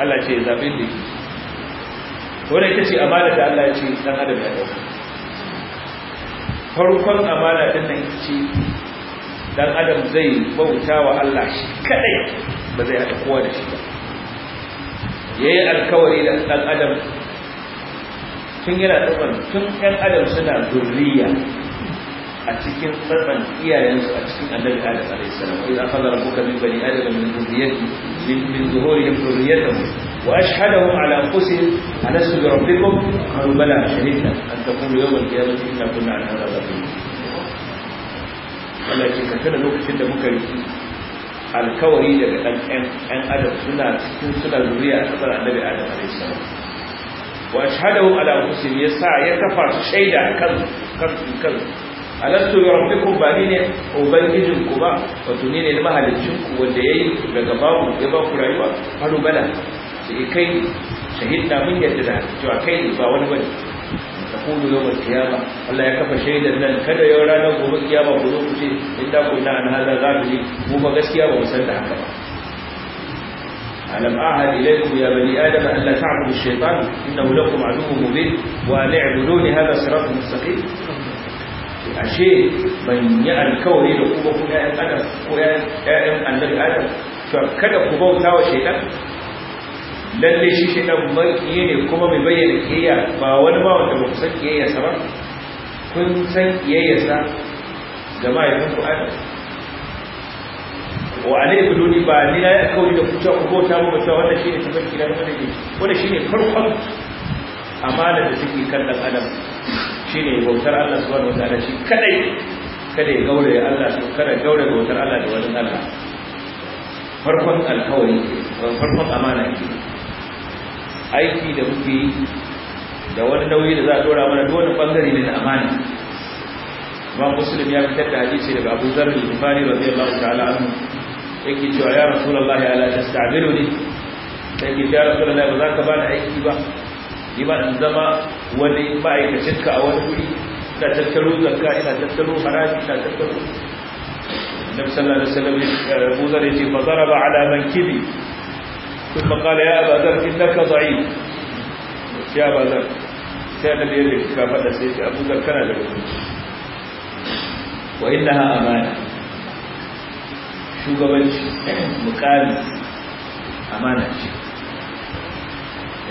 Allah ce zabe da kake wadda ita ce amana da Allah ce dan adam ya dauka farkon amana din nan ce dan adam zai bauta wa Allah shi kadai ba zai haɗa kowa da shi ba yayi alkawari da dan adam tun yana tsakon tun ɗan adam suna zurriya a cikin tsatsan iyayensu a cikin annabi adam alayhi salam wa idza qala rabbuka min bani adam min dhurriyyati min min zuhurihim dhurriyyatahum wa ashhadahum ala anfusihim alastu bi rabbikum qalu bala shahidna an taqulu yawm al-qiyamati inna kunna an hadha ghafilin Allah ya ce kana lokacin da muka riki alkawari daga dan ɗan adam suna cikin suna zuriya a tsatsan annabi adam alayhi salam wa ashhadahum ala anfusihim yasa ya kafa shaida kan kan kan alastu bi rabbikum ba ni ne ubangijin ku ba wato ni ne mahalicin ku wanda yayi daga babu ya ba ku rayuwa haru bala sai kai shahidna mun yadda da to kai ne ba wani bane taqulu yawm al-qiyamah Allah ya kafa shaidan nan kada yau ranar gobe kiyama ku zo ku ce inda ku na an hada zabi mu ba gaskiya ba mu da haka ba alam ahad ilaykum ya bani adam an la ta'budu ash-shaytan innahu lakum عدو mubin wa la'budu hadha صراط mustaqim ashe ban yi alkawari da kuma kuma ƴaƴan tsada ko ƴaƴan annabi adam to kada ku bauta wa shaytan lalle shi shaytan mai ne kuma mai bayyana kiyaya ba wani ba wanda ba ku san sa ba kun san sa ga mai ku adam wa alai buduni ba ni na alkawari da ku ta ku bauta mu ba wannan shine tabbaki na wannan shine farkon amalar da suke kan dan adam shine bautar Allah subhanahu ta'ala shi kadai kada ya gaure Allah shi kada gaure bautar Allah da wani Allah farkon alkawari farkon amana ke aiki da muke da wani nauyi da za a dora mana dole bangare ne na amana ba muslim ya fitar da hadisi daga Abu Dharr al-Ghifari radiyallahu ta'ala anhu yake cewa ya rasulullahi ala tasta'biruni sai ki ya rasulullahi ba za ka bani aiki ba ni ba in zama wani ma'aikacin ka a wani guri ina tattaro zakka ina tattaro haraji ina tattaro النبي صلى الله عليه وسلم أبو ذر فضرب على منكبي ثم Ya يا أبا ذر إنك ضعيف يا أبا ذر كان ليلك كافة سيدي أبو ذر كان لك وإنها أمانة shugabanci mukami amana ce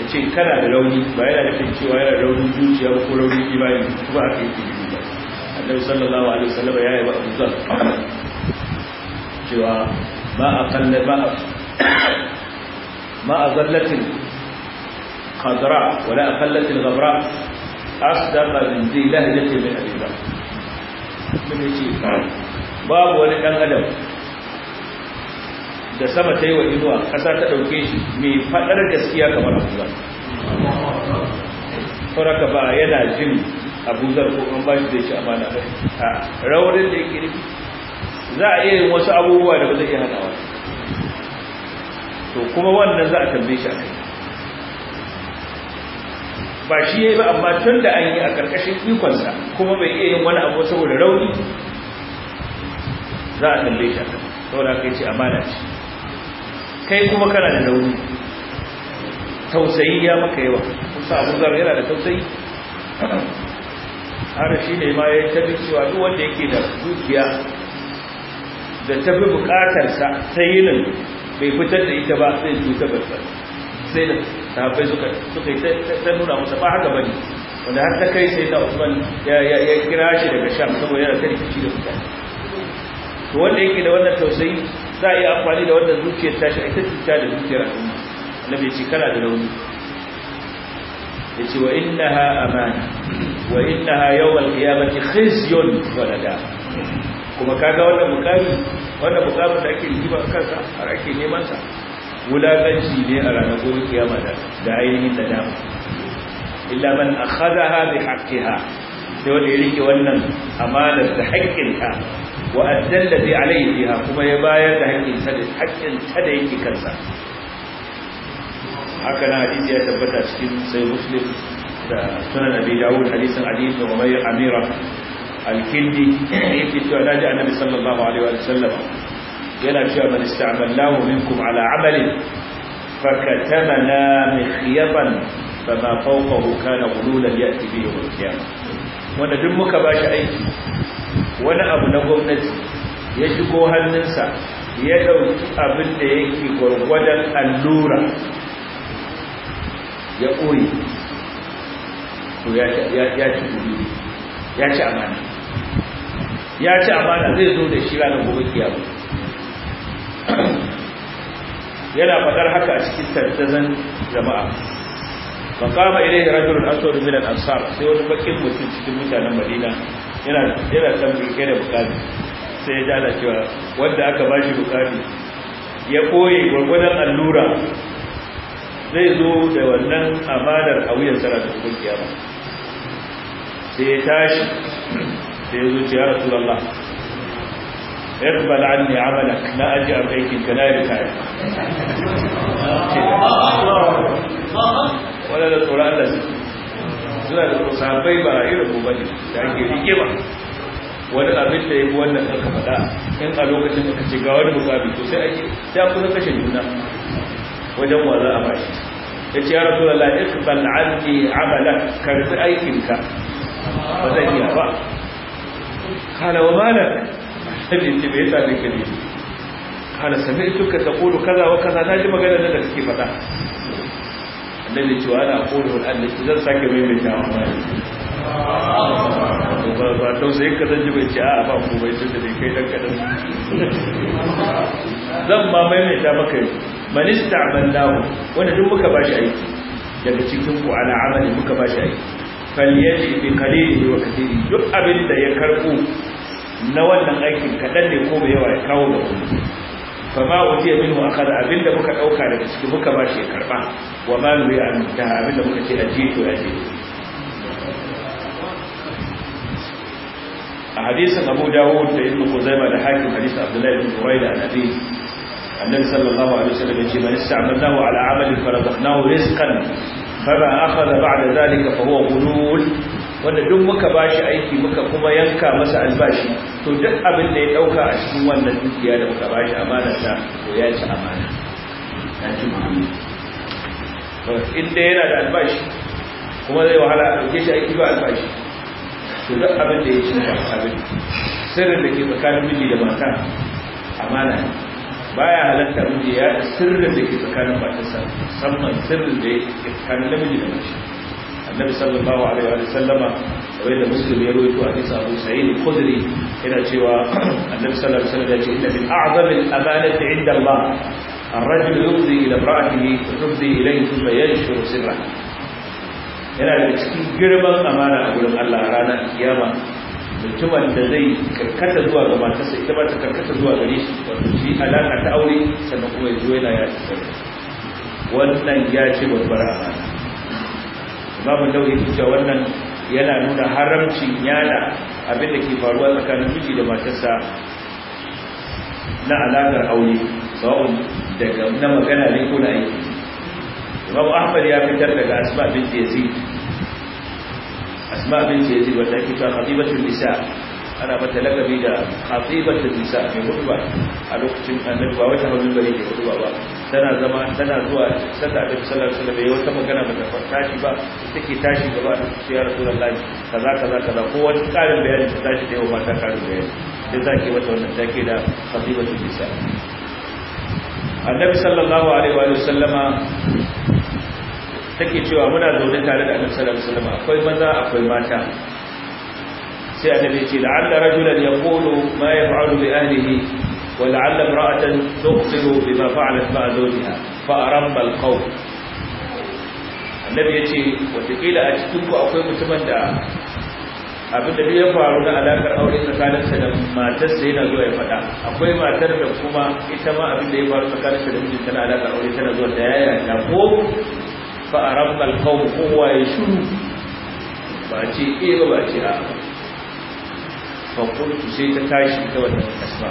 ya ce kana da rauni ba yana da cewa yana rauni zuciya ko rauni imani ba a kai ke ba annabi sallallahu alaihi wasallam ya yi ba abu cewa ba a kalle ba a ma a zallatin khadra wala a kallatin gabra asdaqa min zai lahijatin min abin ba babu wani dan adam da sama ta yi wa inuwa ƙasa ta ɗauke shi mai faɗar gaskiya kamar abuzar sauraka ba yana jin abuzar ko an ba shi zai ci amana ba a raunin da yake nufi za a iya yin wasu abubuwa da ba zai iya wa to kuma wannan za a tambaye shi a kai ba shi ya yi ba amma tun da an yi a ƙarƙashin ikonsa kuma bai iya yin wani abu saboda rauni za a tambaye shi a kai saboda kai ce amana ce kai kuma kana da rauni tausayi ya maka yawa kusa abuzar yana da tausayi har shi ne ma ya tafi cewa duk wanda yake da dukiya da tafi bukatarsa ta yinin bai fitar da ita ba sai su ta barsa sai da bai suka suka ta nuna musa ba haka bane wanda har ta kai sai da Usman ya ya kira shi daga Sham saboda yana ta rikici da mutane to wanda yake da wannan tausayi za a yi amfani da wannan zuciyar tashi a ita cuta da zuciyar bai ce kana da rauni yace wa ha amana wa innaha yawmal qiyamati khizyun wa nada kuma kaga wannan mukami wannan mukamin da ake rigima kansa har ake neman sa wulaƙanci ne a ranar gobe kiyama da ainihin da dama illa man a akhadaha bi haqqiha sai wanda ya rike wannan amanar da haƙƙinta wa addallati alayhi biha kuma ya bayar da haƙƙin sa da haƙƙin sa da yake kansa haka na hadisi ya tabbata cikin sai muslim da sunan abi dawud hadisin ali ibn umayr amira al-kindi yake cewa da annabi sallallahu alaihi wa sallam yana cewa man ista'malnahu minkum ala amalin فكتمنا مخيطا فما فوقه كان غلولا يأتي به يوم القيامة wanda duk muka ba shi aiki wani abu na gwamnati ya shigo hannunsa ya ɗauki abin da yake gwargwadon allura ya ɓoye Ko ya ci gudu ya ci amana ya ci amana zai zo da shi ranar gobe kiyar yana faɗar haka a cikin tattazan jama'a fa qama ilayhi rajulun aswad min al-ansar sai wani bakin mutum cikin mutanen madina yana yana tambaye da bukati sai ya jala cewa wanda aka bashi bukati ya koye gurgudan allura zai zo da wannan amanar a wuyan sarrafa cikin kiyama sai ya tashi sai ya zo ce ya rasu Allah irbal anni na aji a aikin ka na yi wadanda tsoron Allah su suna da sahabbai ba irin mu bane da ake rike ba wani abin da ya bi wannan aka faɗa in a lokacin da kace ga wani musabi to sai ake sai kusa kashe juna wajen wa za a bashi ya ce ya rasu da la'in ban alki amala karfi aikinka ba zai iya ba Kana wa malak sai ce bai sami ka ne kala sami suka ta kulu kaza wa kaza na ji magana da suke faɗa annabi cewa ana kodin wani shi zan sake mai mai kyawun bayan ba tausayi ka zan bai ci a ba ku bai tun da dai kai dan kadan zan ma mai mai ta maka yi manista ban dawo. wanda duk muka bashi aiki daga cikin ku ala amali muka bashi aiki falyaji bi qalilihi wa kathiri duk abin da ya karbo na wannan aikin kadan ne ko mai yawa ya kawo da wani fama waje minhu akada abinda muka dauka daga ciki muka ba shi karba wa ma lu ya ta abinda muka ce aji to aji a hadisin Abu Dawud da Ibn Khuzaimah da Hakim hadisi Abdullah ibn Quraida annabi annabi sallallahu alaihi wasallam ya ce man ista'malahu ala amalin faradhnahu rizqan fama akhadha ba'da dhalika fa huwa ghulul wanda duk muka ba shi aiki muka kuma yanka masa albashi to duk abin da ya dauka a cikin wannan dukiya da muka ba shi amanarsa to ya ci amana ya ci In dai yana da albashi kuma zai wahala a dauke shi aiki ba albashi to duk abin da ya ci ba abin sirrin da ke tsakanin miji da mata amana ne baya halatta miji ya sirrin da ke tsakanin matarsa musamman sirrin da ya tsakanin namiji da mace annabi sallallahu alaihi wa sallama wai da muslim ya rawaito a cikin abu sa'id al-khudri yana cewa annabi sallallahu alaihi wa sallam ya ce inna min a'zam al-amanati 'inda Allah ar-rajul yufdi ila imra'atihi yufdi ilayhi thumma yanshur sirra yana da cikin girman amana a gurin Allah ranar kiyama mutumin da zai karkata zuwa ga matarsa ita ba ta karkata zuwa gare shi wato shi alaka ta aure sannan kuma ya zo yana ya ci wannan ya ce babbar amana babu dauki cewa wannan yana nuna haramcin yana abin da ke faruwa tsakanin miji da matarsa na alaƙar aure sawa'un daga na magana ne ko na aiki imam ahmad ya fitar daga asma bin yazid asma bin yazid wanda ake ta khatibatu nisa ana mata lakabi da khatibatu nisa mai hutuba a lokacin annabi ba wata hannun bari ke hutuba ba tana zama tana zuwa sanda da sallallahu alaihi wasallam wata magana ba ta tashi ba take tashi gaba da su ya rasulullahi kaza kaza kaza ko wani karin bayani ta tashi da yau ba ta karin bayani sai zaki wata wannan take da fadilatu bisa annabi sallallahu alaihi wa sallama take cewa muna zaune tare da annabi sallallahu alaihi wasallam akwai maza akwai mata sai annabi ya ce la'alla rajulan yaqulu ma yaf'alu bi ahlihi ولعل امرأة تخطئ بما فعلت مع زوجها فأرب القوم النبي ya ce watakila a cikinku akwai mutumin da abin da ya faru na alakar aure tsakanin sa da matarsa yana zuwa ya faɗa akwai matar da kuma ita ma abin da ya faru sa da mijinta tana alakar aure tana zuwa da yaya ta ko fa arabal qawm kawo kowa ya shuru ba ce eh ba ce a fa kuntu sai ta tashi ta wannan asma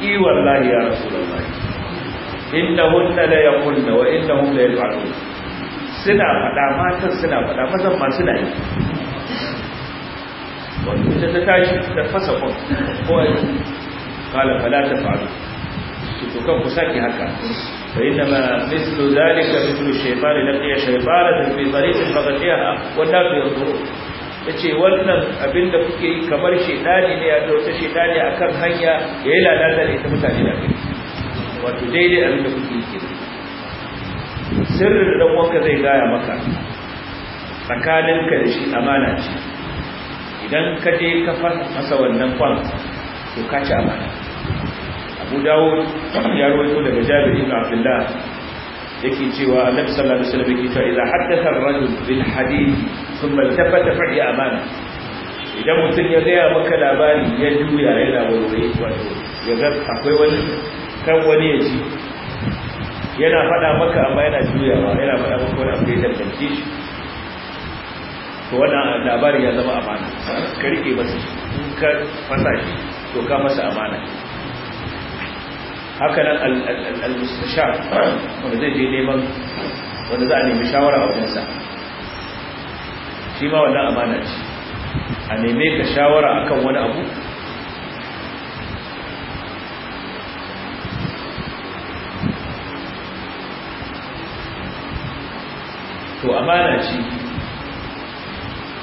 ki wallahi ya rasulullahi innahunna la yaqulna wa innahum la yaf'alun suna fada matan suna fada mazan ma suna yi wanda ita ta tashi ta fasa kon ko kala fala ta fa'alu to kan ku saki haka fa inna ma mislu dhalika mithlu shaytan laqiya shaytanan fi tariqin faqatiha wa la yadhuru ta ce wannan abin da kuke yi kamar shedani ne a dauta shedani a kan hanya ya yi lalata da ita mutane da kai wato daidai abin da kuke yi sirrin ɗan wanka zai gaya maka tsakanin ka da shi amana ce idan ka je ka fara masa wannan kwan to ka ci amana abu dawo ya rawaito daga jabi'in ibn abdullah yake cewa annabi sallallahu alaihi wasallam yake cewa idza haddatha ar-rajul bil hadith thumma iltafata fa'i amana idan mutum ya gaya maka labari ya juya yana wuri wato ya ga akwai wani kan wani ya ji yana faɗa maka amma yana juyawa yana faɗa maka wani abu da ya tantance shi to wannan labari ya zama amana ka rike masa in ka fasa shi to ka masa amana haka nan al-mustashar wanda zai je neman wanda za a nemi shawara a wajensa shi ma wannan amana ce a neme ka shawara akan wani abu to amana ce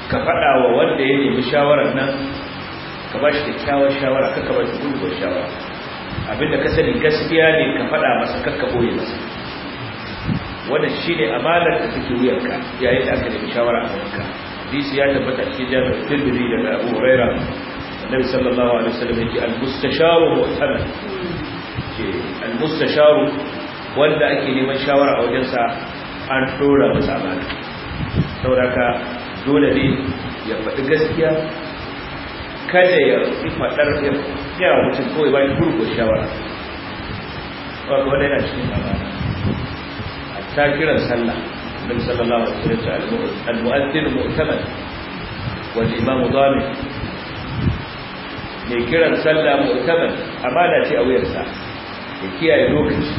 ka faɗa wa wanda ya nemi shawarar nan ka ba shi kyakkyawar shawara ka ka ba shi shawara abinda ka sani gaskiya ne ka faɗa masa kakka boye masa wannan shine amalar da take wuyarka yayin da aka nemi shawara a wurinka hadisi ya tabbata cikin jami'ar tirmidhi da Abu Huraira annabi sallallahu alaihi wasallam yake al-mustasharu mu'taman ke al-mustasharu wanda ake neman shawara a wajensa an dora masa amana saboda dole ne ya faɗi gaskiya kada ya yi fadar ya mutum kawai ba shi gurgur shawara wato wadda yana cikin amana a ta kiran sallah don sallallahu alaihi wasallam al-mu'azzin mu'tamad ba mu dhamin mai kiran sallah amma da ce a wuyarsa ya kiyaye lokaci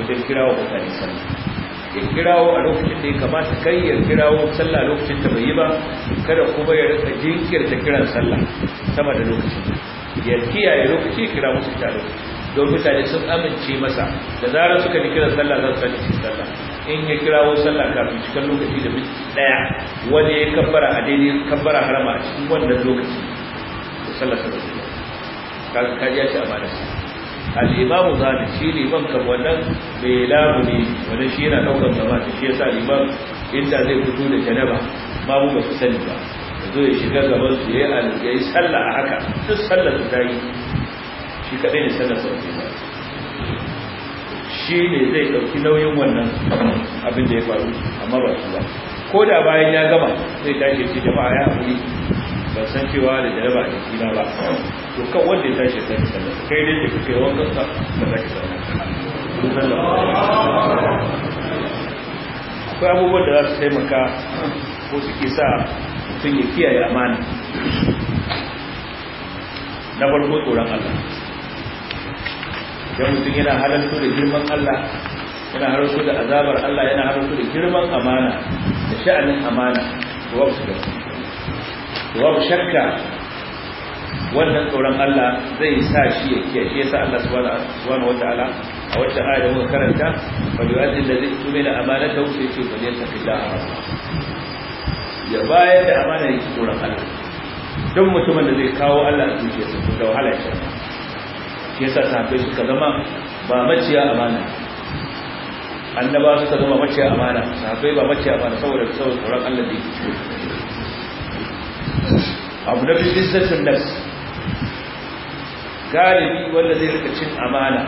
wajen kirawo mutane sallah ya kirawo a lokacin da ya kamata kai ya kirawo sallah lokacin da bai yi ba kada kuma ya rika jinkirta kiran sallah sama da lokaci ya kiyaye lokaci kira musu ita lokaci don mutane sun amince masa da zarar suka ji kiran sallah zan sani su sallah in ya kirawo sallah kafin cikin lokaci da minti daya wani ya kabbara a daidai kabbara harama a cikin wannan lokaci da sallah sa zai kaga ka ji shi amana sa al-imamu zani shi ne man kan wannan bai lamu ne wannan shi yana daukar jama'a shi yasa liman inda zai fito da janaba babu ba su sani ba zo ya shiga gaban su ya yi sallah a haka duk sallah su ta yi shi kadai ne sallar sa wajen shi ne zai ɗauki nauyin wannan abin da ya faru amma ba su ba ko da bayan ya gama zai tashi ce jama'a ya haƙuri ba san cewa da jaraba a kila ba to kan wanda ya tashi sai sallar kai dai da kake wankan ka ba za ki akwai abubuwan da za su taimaka ko suke sa mutum ya kiyaye amana na farko tsoron Allah mutum yana halarta da girman Allah yana halarta da azabar Allah yana halarta da girman amana da sha'anin amana to shakka shakka wannan tsoron Allah zai sa shi ya kiyaye shi yasa Allah wata ala a wata aya da muka karanta da yu'addi alladhi tumila amanatahu fi fi falyataqillaha ya bayar da amana yake tsoron Allah don mutumin da zai kawo Allah a zuciyarsa da wahala ce shi yasa sahabbai suka zama ba maciya amana annaba suka zama maciya amana sahabbai ba maciya amana saboda saboda tsoron Allah da yake ciwo abu na biyu izzatun nas galibi wanda zai rika cin amana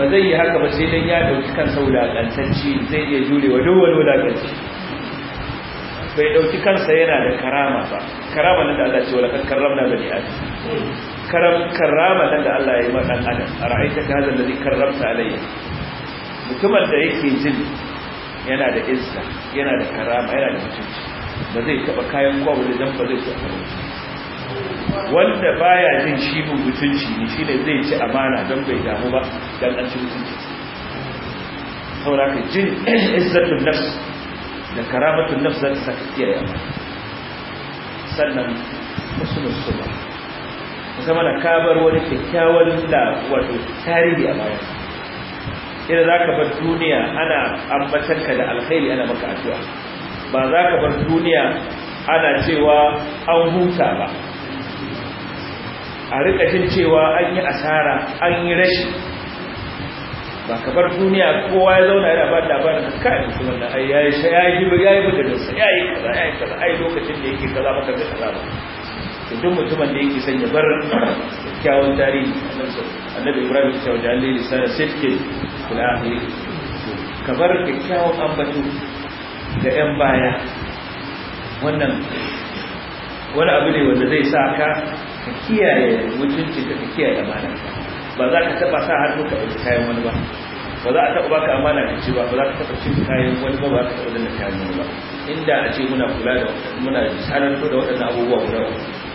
ba zai yi haka ba sai dan ya dauki kansa wulakantacci zai iya jurewa duk wani wulakanci bai dauki kansa yana da karama ba karama nan da Allah ce wala kan karramna bani adam karam karama nan da Allah ya yi maka dan adam ara'aita ka hadal ladhi karramta alayya mutumin da yake jin yana da izza yana da karama yana da mutunci ba zai taba kayan kowa da dan ba zai ci wanda baya jin shi mutunci ne shine zai ci amana dan bai damu ba dan an ci mutunci saboda jin izzatun nafsi. da karamatun nafsa da ta saka sannan wasu musu ba musamman da kabar wani kyakkyawan da wato tarihi a bayan idan za ka bar duniya ana ambatanka da alkhairi ana maka addu'a ba za ka bar duniya ana cewa an huta ba a rikacin cewa an yi asara an yi rashi ba ka bar duniya kowa ya zauna yana ba da labarin da kai mutum da ai yayi yi yayi ba yi ba da ya yi kaza ya yi kaza ai lokacin da yake kaza maka da kaza ba to duk mutumin da yake son ya bar kyawun tarihi annabi Ibrahim ya tawaje Allah ya sa sirke kula ka bar kyawun ambatu ga yan baya wannan wani abu ne wanda zai sa ka kiyaye mutunci ka kiyaye amana ba za ka taba sa hannu ka ɗauki kayan wani ba ba za a taba baka amana ka ci ba ba za ka taba cin kayan wani ba ba ka taba danna kayan wani ba inda a ce muna kula da muna halarto da waɗannan abubuwa guda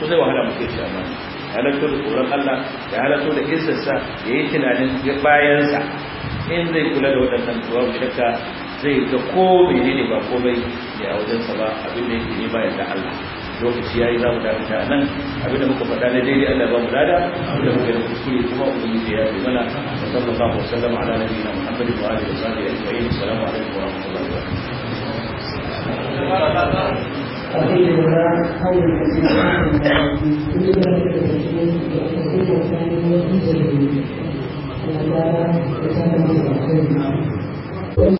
ko zai wahala mu ke shi amana halarto da tsoron Allah da halarto da izzarsa ya yi tunanin bayansa in zai kula da waɗannan babu shakka zai ga ko menene ba komai ne a wajensa ba abin da yake ne bayan da Allah lokaci yi za mu dakata a nan abin da muka faɗa na daidai Allah ba mu lada abin da muka yi kuskure kuma ubangiji ya yi mana sallallahu alaihi wasallam ala nabiyina muhammad wa alihi wa sahbihi ajma'in assalamu alaikum wa rahmatullahi wa barakatuh